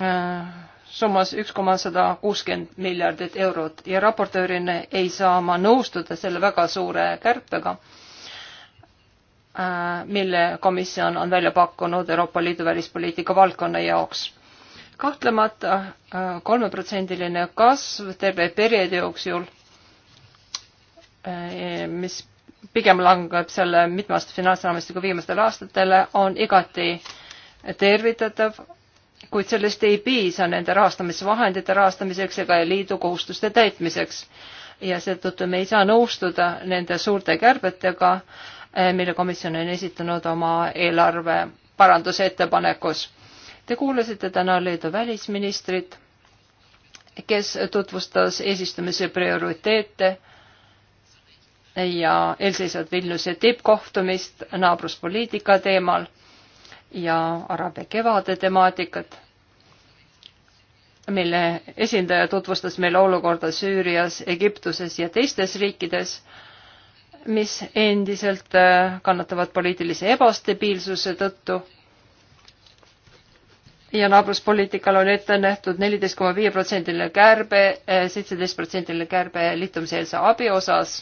Uh... Äh summas üks koma sada kuuskümmend miljardit eurot ja raportöörina ei saa ma nõustuda selle väga suure kärpega, äh, mille komisjon on välja pakkunud Euroopa Liidu välispoliitika valdkonna jaoks. kahtlemata äh, kolmeprotsendiline kasv terve perioodi jooksul, äh, mis pigem langeb selle mitmest finantsraamistiku viimastele aastatele, on igati tervitatav kuid sellest ei piisa nende rahastamisvahendite rahastamiseks ega liidu kohustuste täitmiseks. ja seetõttu me ei saa nõustuda nende suurte kärbetega, eh, mille komisjon on esitanud oma eelarve parandusettepanekus. Te kuulasite täna Leedu välisministrit, kes tutvustas eesistumise prioriteete ja eelseisvat Vilniuse tippkohtumist naabruspoliitika teemal ja Araabia kevade temaatikat, mille esindaja tutvustas meile olukorda Süürias, Egiptuses ja teistes riikides, mis endiselt äh, kannatavad poliitilise ebastabiilsuse tõttu ja naabruspoliitikal on ette nähtud neliteist koma viie protsendiline kärbe, äh, seitseteist protsendiline kärbe liitumiseelse abi osas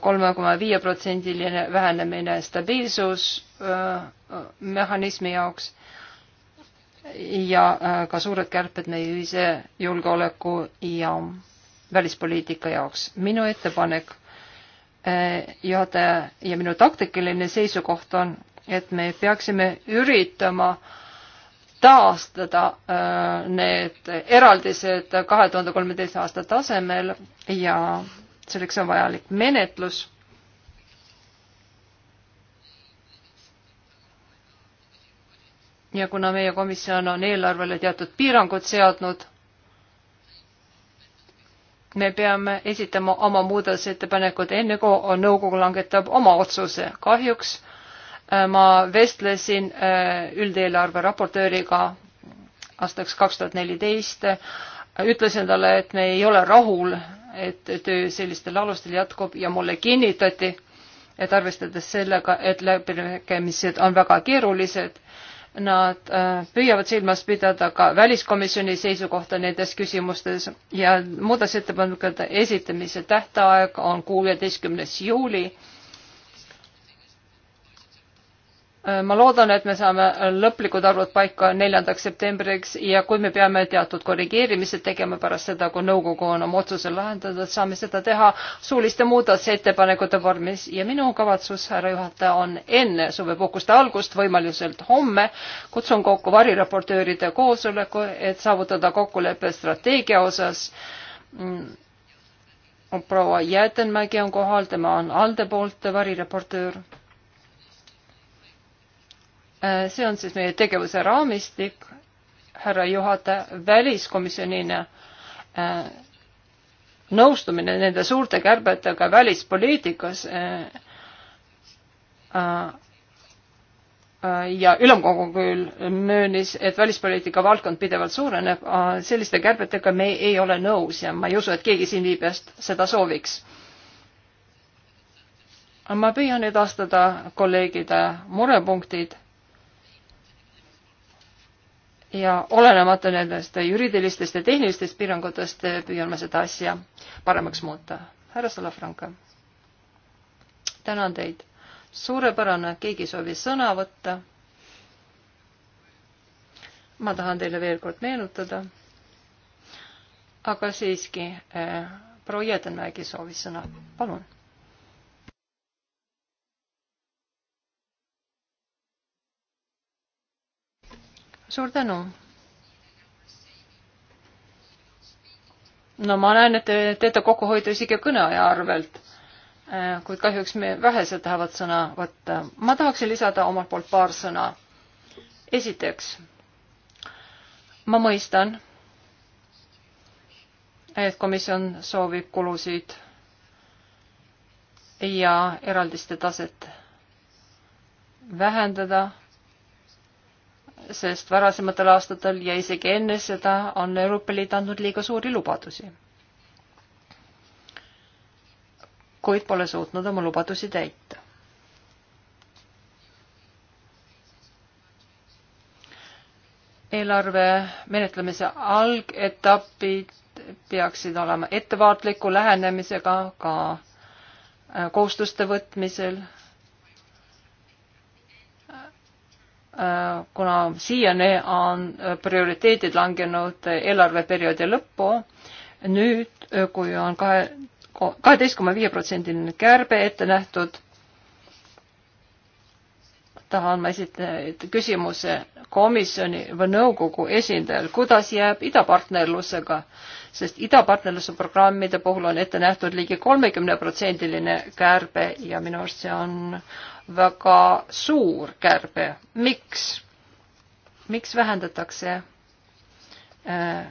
kolme koma viie protsendiline vähenemine stabiilsusmehhanismi jaoks ja ka suured kärped meie ühise julgeoleku ja välispoliitika jaoks. minu ettepanek juhataja ja minu taktikaline seisukoht on, et me peaksime üritama taastada need eraldised kahe tuhande kolmeteist aasta tasemel ja selleks on vajalik menetlus. ja kuna meie komisjon on eelarvele teatud piirangud seadnud, me peame esitama oma muudatusettepanekud enne, kui nõukogu langetab oma otsuse. kahjuks äh, ma vestlesin äh, üldeelarve raportööriga aastaks kaks tuhat neliteist, ütlesin talle, et me ei ole rahul et töö sellistel alustel jätkub ja mulle kinnitati, et arvestades sellega, et läbirääkimised on väga keerulised, nad äh, püüavad silmas pidada ka väliskomisjoni seisukohta nendes küsimustes ja muudatusettepanekute esitamise tähtaeg on kuueteistkümnes juuli Äh, ma loodan, et me saame lõplikud arvud paika neljandaks septembriks ja kui me peame teatud korrigeerimised tegema pärast seda, kui nõukogu on oma otsuse lahendanud, saame seda teha suuliste muudatusettepanekute vormis ja minu kavatsus, härra juhataja, on enne suvepuhkuste algust, võimaliselt homme, kutsun kokku variraportööride koosoleku, et saavutada kokkulepe strateegia osas mm. proua Jäätenmägi on kohal, tema on ALDE poolt varireportöör Äh, see on siis meie tegevuse raamistik, härra juhataja, väliskomisjonina äh, nõustumine nende suurte kärbetega välispoliitikas äh, äh, äh ja ülemkogu küll möönis, et välispoliitika valdkond pidevalt suureneb, äh, selliste kärbetega me ei ole nõus ja ma ei usu, et keegi siin viibijast seda sooviks. ma püüan edastada kolleegide murepunktid ja olenemata nendest juriidilistest ja tehnilistest piirangutest eh, püüan ma seda asja paremaks muuta. härra Salafranca, tänan teid. suurepärane, keegi soovis sõna võtta. ma tahan teile veel kord meenutada. aga siiski äh,, proua Jäädenmägi soovis sõna, palun suur tänu. no ma näen, et te teete kokkuhoidu isegi kõneaja arvelt, äh, kuid kahjuks me vähesed tahavad sõna võtta. ma tahaksin lisada omalt poolt paar sõna. esiteks, ma mõistan, et komisjon soovib kulusid ja eraldiste taset vähendada sest varasematel aastatel ja isegi enne seda on Euroopa Liit andnud liiga suuri lubadusi. kuid pole suutnud oma lubadusi täita. eelarve menetlemise algetapid peaksid olema ettevaatliku lähenemisega ka äh, kohustuste võtmisel Äh, kuna siiani on äh, prioriteedid langenud eelarveperioodi lõppu, nüüd, äh, kui on kahe, kaheteist koma viie protsendiline kärbe ette nähtud, tahan ma esitada küsimuse komisjoni või nõukogu esindajal, kuidas jääb idapartnerlusega äh, sest idapartnerluse programmide puhul on ette nähtud ligi kolmekümneprotsendiline kärbe ja minu arust see on väga suur kärbe. miks? miks vähendatakse äh,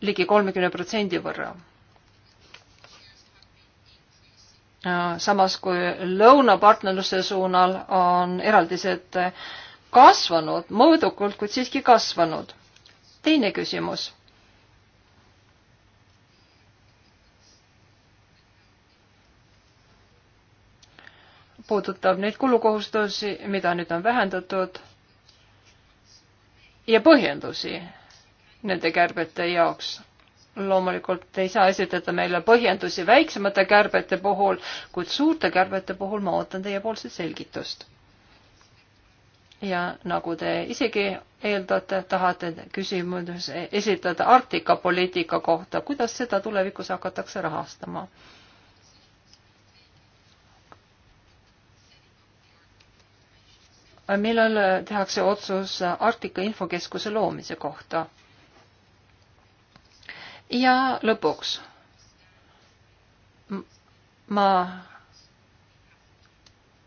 ligi kolmekümne protsendi võrra? Äh, samas kui lõunapartnerluse suunal on eraldised kasvanud, mõõdukalt, kuid siiski kasvanud. teine küsimus. puudutab neid kulukohustusi, mida nüüd on vähendatud ja põhjendusi nende kärbete jaoks. loomulikult ei saa esitada meile põhjendusi väiksemate kärbete puhul, kuid suurte kärbete puhul ma ootan teiepoolset selgitust. ja nagu te isegi eeldate, tahate küsimus esitada Arktika poliitika kohta, kuidas seda tulevikus hakatakse rahastama millal tehakse otsus Arktika infokeskuse loomise kohta. ja lõpuks ma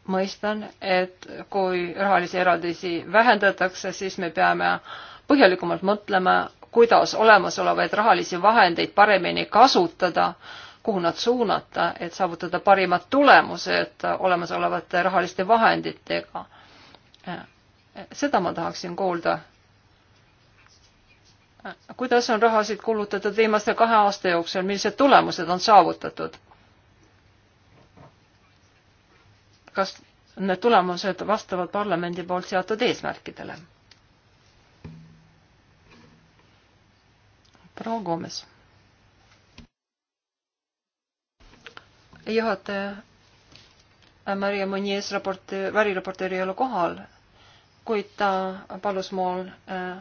mõistan, et kui rahalisi eraldisi vähendatakse, siis me peame põhjalikumalt mõtlema, kuidas olemasolevaid rahalisi vahendeid paremini kasutada, kuhu nad suunata, et saavutada parimad tulemused olemasolevate rahaliste vahenditega seda ma tahaksin kuulda. kuidas on rahasid kulutatud viimaste kahe aasta jooksul, millised tulemused on saavutatud? kas need tulemused vastavad parlamendi poolt seatud eesmärkidele? proua Gomes. juhataja Maria Muniz raporti, värireporter ei ole kohal kuid ta palus mul äh,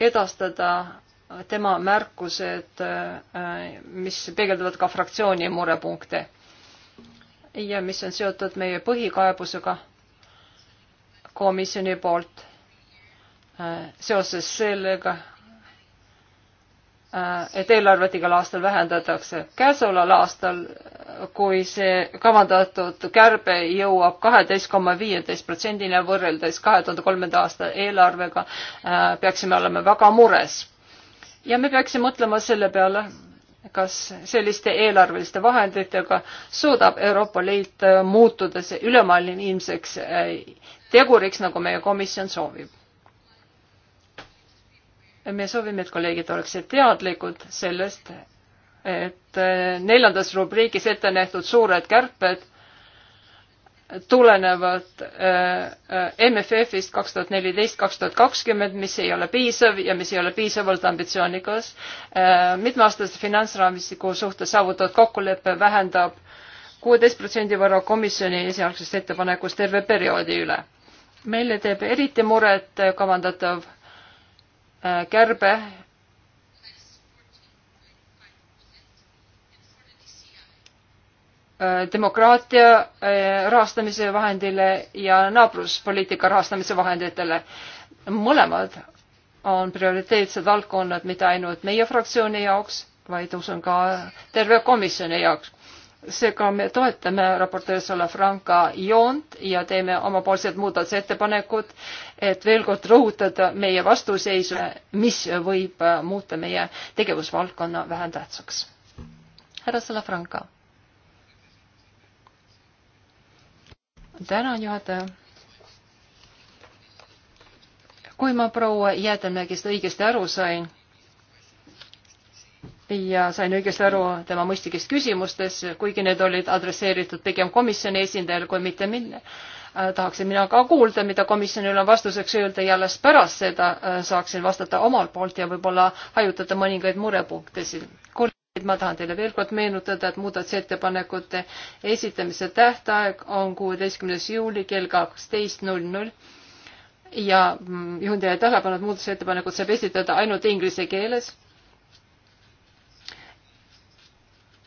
edastada tema märkused, äh, mis peegeldavad ka fraktsiooni murepunkte ja mis on seotud meie põhikaebusega komisjoni poolt äh, seoses sellega, et eelarvet igal aastal vähendatakse. käesoleval aastal kui see kavandatud kärbe jõuab kaheteist koma viieteist protsendini võrreldes kahe tuhande kolmanda aasta eelarvega, äh, peaksime olema väga mures. ja me peaksime mõtlema selle peale, kas selliste eelarveliste vahenditega suudab Euroopa Liit äh, muutuda see ülemaailmne ilmseks äh, teguriks, nagu meie komisjon soovib. me soovime, et kolleegid oleksid teadlikud sellest, et eh, neljandas rubriigis ette nähtud suured kärped tulenevad eh, eh, MFF-ist kaks tuhat neliteist, kaks tuhat kakskümmend, mis ei ole piisav ja mis ei ole piisavalt ambitsioonikas. mitmeaastase finantsraamistiku suhtes saavutatud kokkulepe vähendab kuueteist protsendi võrra komisjoni esialgsest ettepanekust terve perioodi üle. meile teeb eriti muret kavandatav kärbe Äh, demokraatia äh, rahastamise vahendile ja naabruspoliitika rahastamise vahenditele. mõlemad on prioriteetsed valdkonnad mitte ainult meie fraktsiooni jaoks, vaid usun ka terve komisjoni jaoks. seega me toetame raportöör Salafranca joont ja teeme omapoolsed muudatusettepanekud, et veel kord rõhutada meie vastuseisu, mis võib muuta meie tegevusvaldkonna vähem tähtsaks. härra Salafranca tänan, juhataja. kui ma proua Jäätemägist õigesti aru sain ja sain õigesti aru tema mõistlikest küsimustest, kuigi need olid adresseeritud pigem komisjoni esindajale kui mitte minna, äh, tahaksin mina ka kuulda, mida komisjonil on vastuseks öelda ja alles pärast seda äh, saaksin vastata omalt poolt ja võib-olla hajutada mõningaid murepunktesid ma tahan teile veel kord meenutada, et muudatusettepanekute esitamise tähtaeg on kuueteistkümnes juuli kell kaksteist null null ja juhin teie tähelepanu, et muudatusettepanekud saab esitada ainult inglise keeles.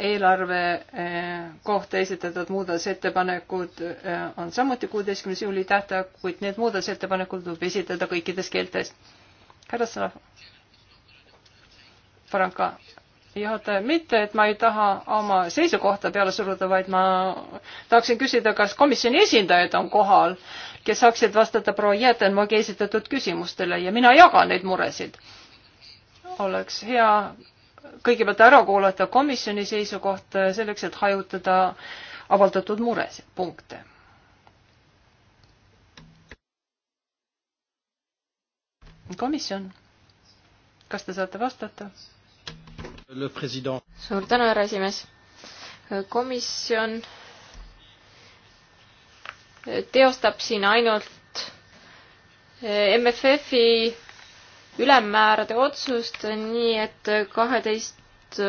eelarve eh, kohta esitatud muudatusettepanekud eh, on samuti kuueteistkümnes juuli tähtaeg, kuid need muudatusettepanekud tuleb esitada kõikides keeltes. härra Sõnav. Franka juhataja, mitte et ma ei taha oma seisukohta peale suruda, vaid ma tahaksin küsida, kas komisjoni esindajad on kohal, kes saaksid vastata proua Jäätenmagi esitatud küsimustele ja mina jagan neid muresid. oleks hea kõigepealt ära kuulata komisjoni seisukoht selleks, et hajutada avaldatud muresid, punkte komisjon, kas te saate vastata? suur tänu, härra esimees. komisjon teostab siin ainult eh, MFF-i ülemmäärade otsust, nii et kaheteist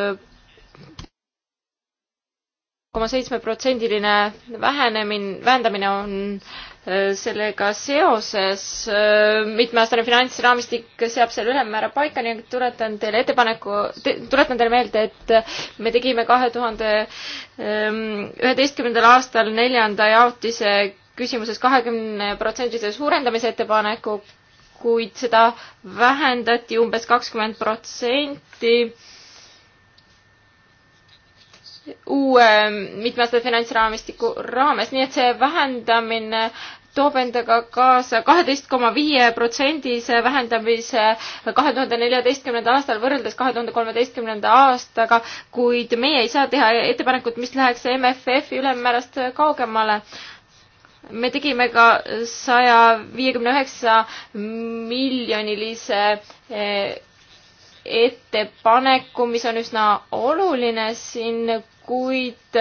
koma seitsme protsendiline vähenemine, vähendamine on Äh, sellega seoses äh, mitmeaastane finantsraamistik seab selle ülemmäära paika ning tuletan teile ettepaneku te,, tuletan teile meelde, et me tegime kahe tuhande ähm, üheteistkümnendal aastal neljanda jaotise küsimuses kahekümne protsendise suurendamise ettepaneku, kuid seda vähendati umbes kakskümmend protsenti uue mitmeaastase finantsraamistiku raames, nii et see vähendamine toob endaga kaasa kaheteist koma viie protsendise vähendamise kahe tuhande neljateistkümnendal aastal võrreldes kahe tuhande kolmeteistkümnenda aastaga, kuid meie ei saa teha ettepanekut, mis läheks MFF-i ülemmäärast kaugemale me tegime ka saja viiekümne üheksa miljonilise eh, ettepaneku, mis on üsna oluline siin, kuid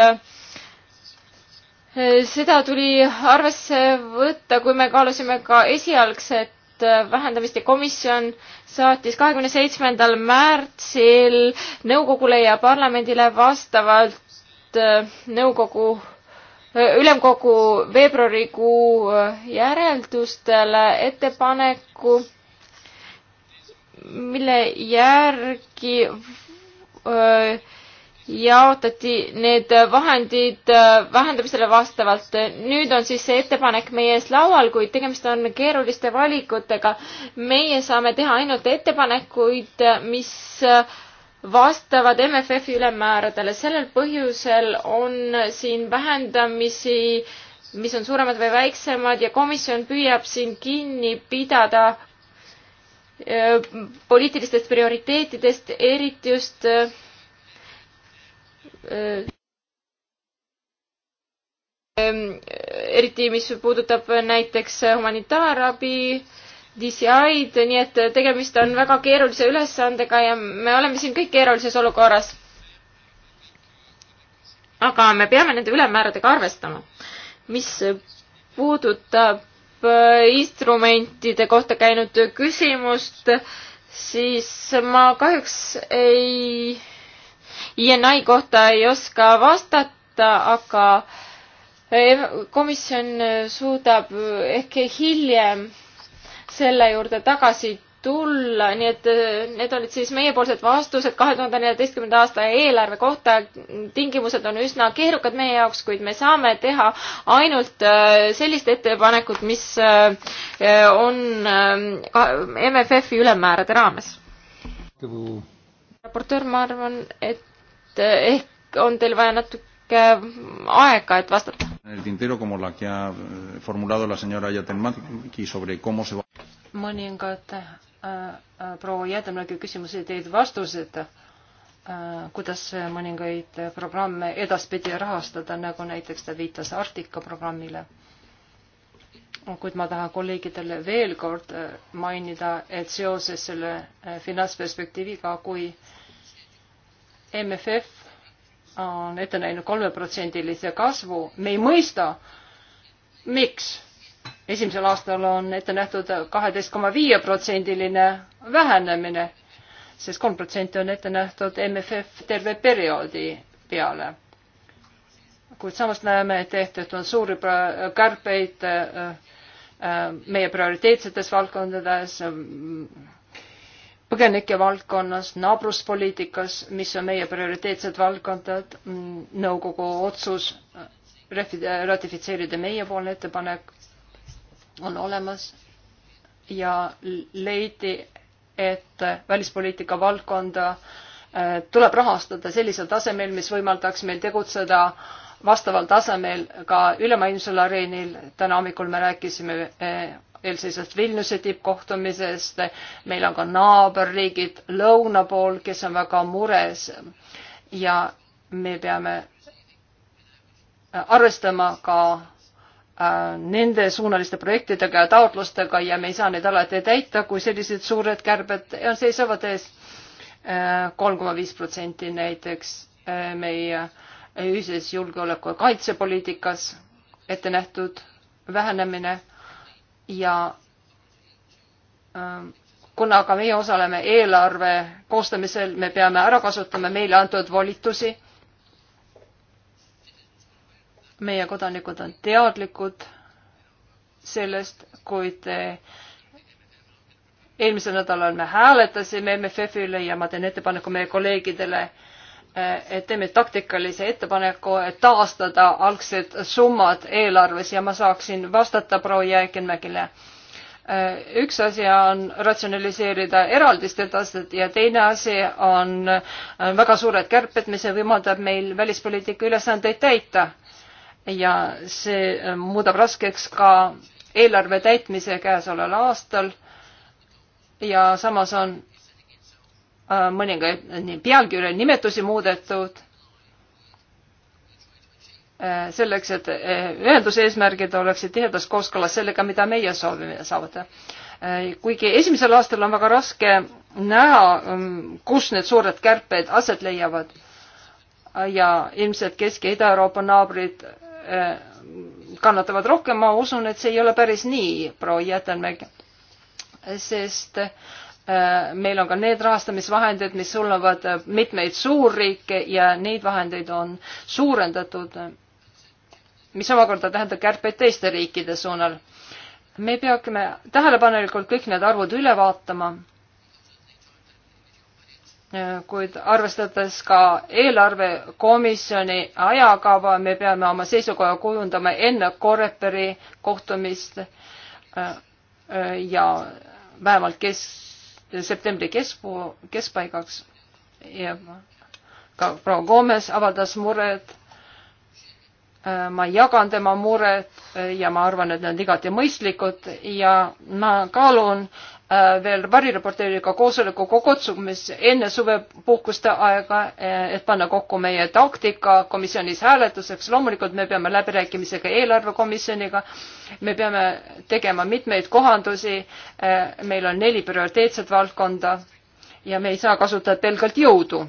eh, seda tuli arvesse võtta, kui me kaalusime ka esialgset eh, vähendamist ja komisjon saatis kahekümne seitsmendal märtsil nõukogule ja parlamendile vastavalt eh, nõukogu, ülemkogu veebruarikuu järeldustele ettepaneku, mille järgi öö, jaotati need vahendid äh, vähendamisele vastavalt. nüüd on siis see ettepanek meie ees laual, kuid tegemist on keeruliste valikutega. meie saame teha ainult ettepanekuid, mis äh, vastavad MFF-i ülemmääradele. sellel põhjusel on siin vähendamisi, mis on suuremad või väiksemad ja komisjon püüab siin kinni pidada äh, poliitilistest prioriteetidest, eriti just Ehm, eriti mis puudutab näiteks humanitaarabi, DCI-d, nii et tegemist on väga keerulise ülesandega ja me oleme siin kõik keerulises olukorras. aga me peame nende ülemmääradega arvestama. mis puudutab äh, instrumentide kohta käinud küsimust, siis ma kahjuks ei INI kohta ei oska vastata, aga eh, komisjon eh, suudab eh, ehk hiljem selle juurde tagasi tulla, nii et need olid siis meiepoolsed vastused kahe tuhande neljateistkümnenda aasta eelarve kohta. tingimused on üsna keerukad meie jaoks, kuid me saame teha ainult sellist ettepanekut, mis on MFF-i ülemmäärade raames. raportöör, ma arvan, et ehk on teil vaja natuke aega, et vastata. Eh, mõningad äh, äh, proua Jäätemägi küsimused jäid vastuseta äh,, kuidas mõningaid programme edaspidi rahastada, nagu näiteks ta viitas Arktika programmile kuid ma tahan kolleegidele veel kord äh, mainida, et seoses selle äh, finantsperspektiiviga, kui äh, MFF on ette näinud kolmeprotsendilise kasvu, me ei mõista, miks. esimesel aastal on ette nähtud kaheteist koma viie protsendiline vähenemine, sest kolm protsenti on ette nähtud MFF terve perioodi peale. kuid samas näeme, et tehtud on suuri kärpeid äh, äh, meie prioriteetsetes valdkondades põgenike valdkonnas, naabruspoliitikas, mis on meie prioriteetsed valdkondad, mm, nõukogu otsus äh, ratifitseerida meiepoolne ettepanek on olemas ja leiti, et välispoliitika valdkonda äh, tuleb rahastada sellisel tasemel, mis võimaldaks meil tegutseda vastaval tasemel ka ülemaailmsel areenil. täna hommikul me rääkisime äh, eelseisvast Vilniuse tippkohtumisest. meil on ka naaberriigid lõuna pool, kes on väga mures ja me peame äh, arvestama ka äh, nende suunaliste projektidega ja taotlustega ja me ei saa neid alati täita, kui sellised suured kärbed seisavad ees. Äh, kolm koma viis protsenti näiteks meie ühises julgeoleku ja kaitsepoliitikas ette nähtud vähenemine ja ähm, kuna ka meie osaleme eelarve koostamisel, me peame ära kasutama meile antud volitusi. meie kodanikud on teadlikud sellest, kuid eelmisel nädalal me hääletasime MFF-ile ja ma teen ettepaneku meie kolleegidele äh, Eh, et teeme taktikalise ettepaneku et taastada algsed summad eelarves ja ma saaksin vastata proua Jääkenmägile. Eh, üks asi on ratsionaliseerida eraldiste taset ja teine asi on väga suured kärped, mis võimaldab meil välispoliitika ülesandeid täita. ja see eh, muudab raskeks ka eelarve täitmise käesoleval aastal. ja samas on Äh, mõningaid pealkirja nimetusi muudetud äh, selleks, et äh, ühenduse eesmärgid oleksid tihedas kooskõlas sellega, mida meie soovime saavutada. kuigi esimesel aastal on väga raske näha, ähm, kus need suured kärped aset leiavad ja ilmselt Kesk- ja Ida-Euroopa naabrid kannatavad rohkem, ma usun, et see ei ole päris nii, proua Jätenmägi, sest Äh, meil on ka need rahastamisvahendid, mis sulavad äh, mitmeid suurriike ja neid vahendeid on suurendatud, mis omakorda tähendab kärpeid teiste riikide suunal. me peaksime tähelepanelikult kõik need arvud üle vaatama, äh, kuid arvestades ka eelarvekomisjoni ajakava, me peame oma seisukoha kujundama enne Coreperi kohtumist ja vähemalt kes septembri keskpuu, keskpaigaks ja ka proua Gomes avaldas muret. Äh, ma jagan tema muret ja ma arvan, et need on igati mõistlikud ja ma kaalun Äh, veel varireporteriga koosoleku kutsumis enne suvepuhkuste aega, eh, et panna kokku meie taktika komisjonis hääletuseks. loomulikult me peame läbirääkimisega eelarvekomisjoniga, me peame tegema mitmeid kohandusi. Eh, meil on neli prioriteetset valdkonda ja me ei saa kasutada pelgalt jõudu.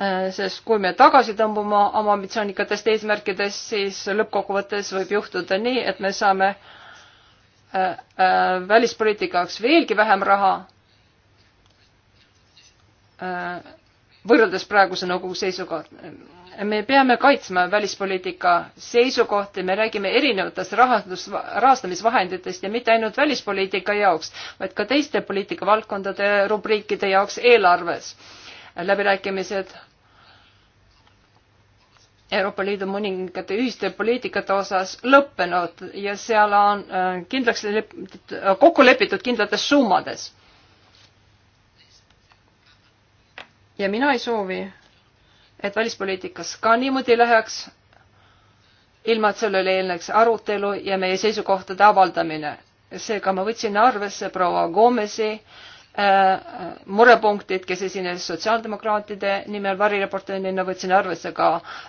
Eh, sest kui me tagasi tõmbume oma ambitsioonikatest eesmärkidest, siis lõppkokkuvõttes võib juhtuda nii, et me saame äh, Äh, äh, välispoliitikaks veelgi vähem raha äh, võrreldes praeguse nõukogu seisukoha. me peame kaitsma välispoliitika seisukohti, me räägime erinevatest rahastus, rahastamisvahenditest ja mitte ainult välispoliitika jaoks, vaid ka teiste poliitikavaldkondade rubriikide jaoks eelarves. läbirääkimised Euroopa Liidu mõningate ühiste poliitikate osas lõppenud ja seal on äh, kindlaks lepitud, äh, kokku lepitud kindlates summades. ja mina ei soovi, et välispoliitikas ka niimoodi läheks, ilma et sellele eelneks arutelu ja meie seisukohtade avaldamine. seega ma võtsin arvesse proua Gomesi äh, Äh, äh, murepunktid, kes esines sotsiaaldemokraatide nimel varireportöörina, võtsin arvesse ka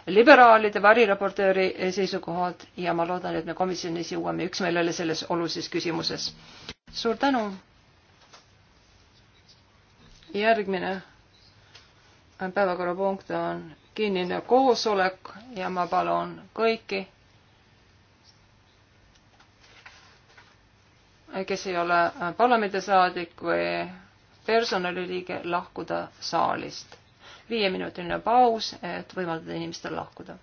liberaalide varireportööri seisukohad ja ma loodan, et me komisjonis jõuame üksmeelele selles olulises küsimuses. suur tänu. järgmine päevakorrapunkt on kinnine koosolek ja ma palun kõiki kes ei ole parlamendisaadik või personaliliige, lahkuda saalist. viieminutiline paus, et võimaldada inimestel lahkuda.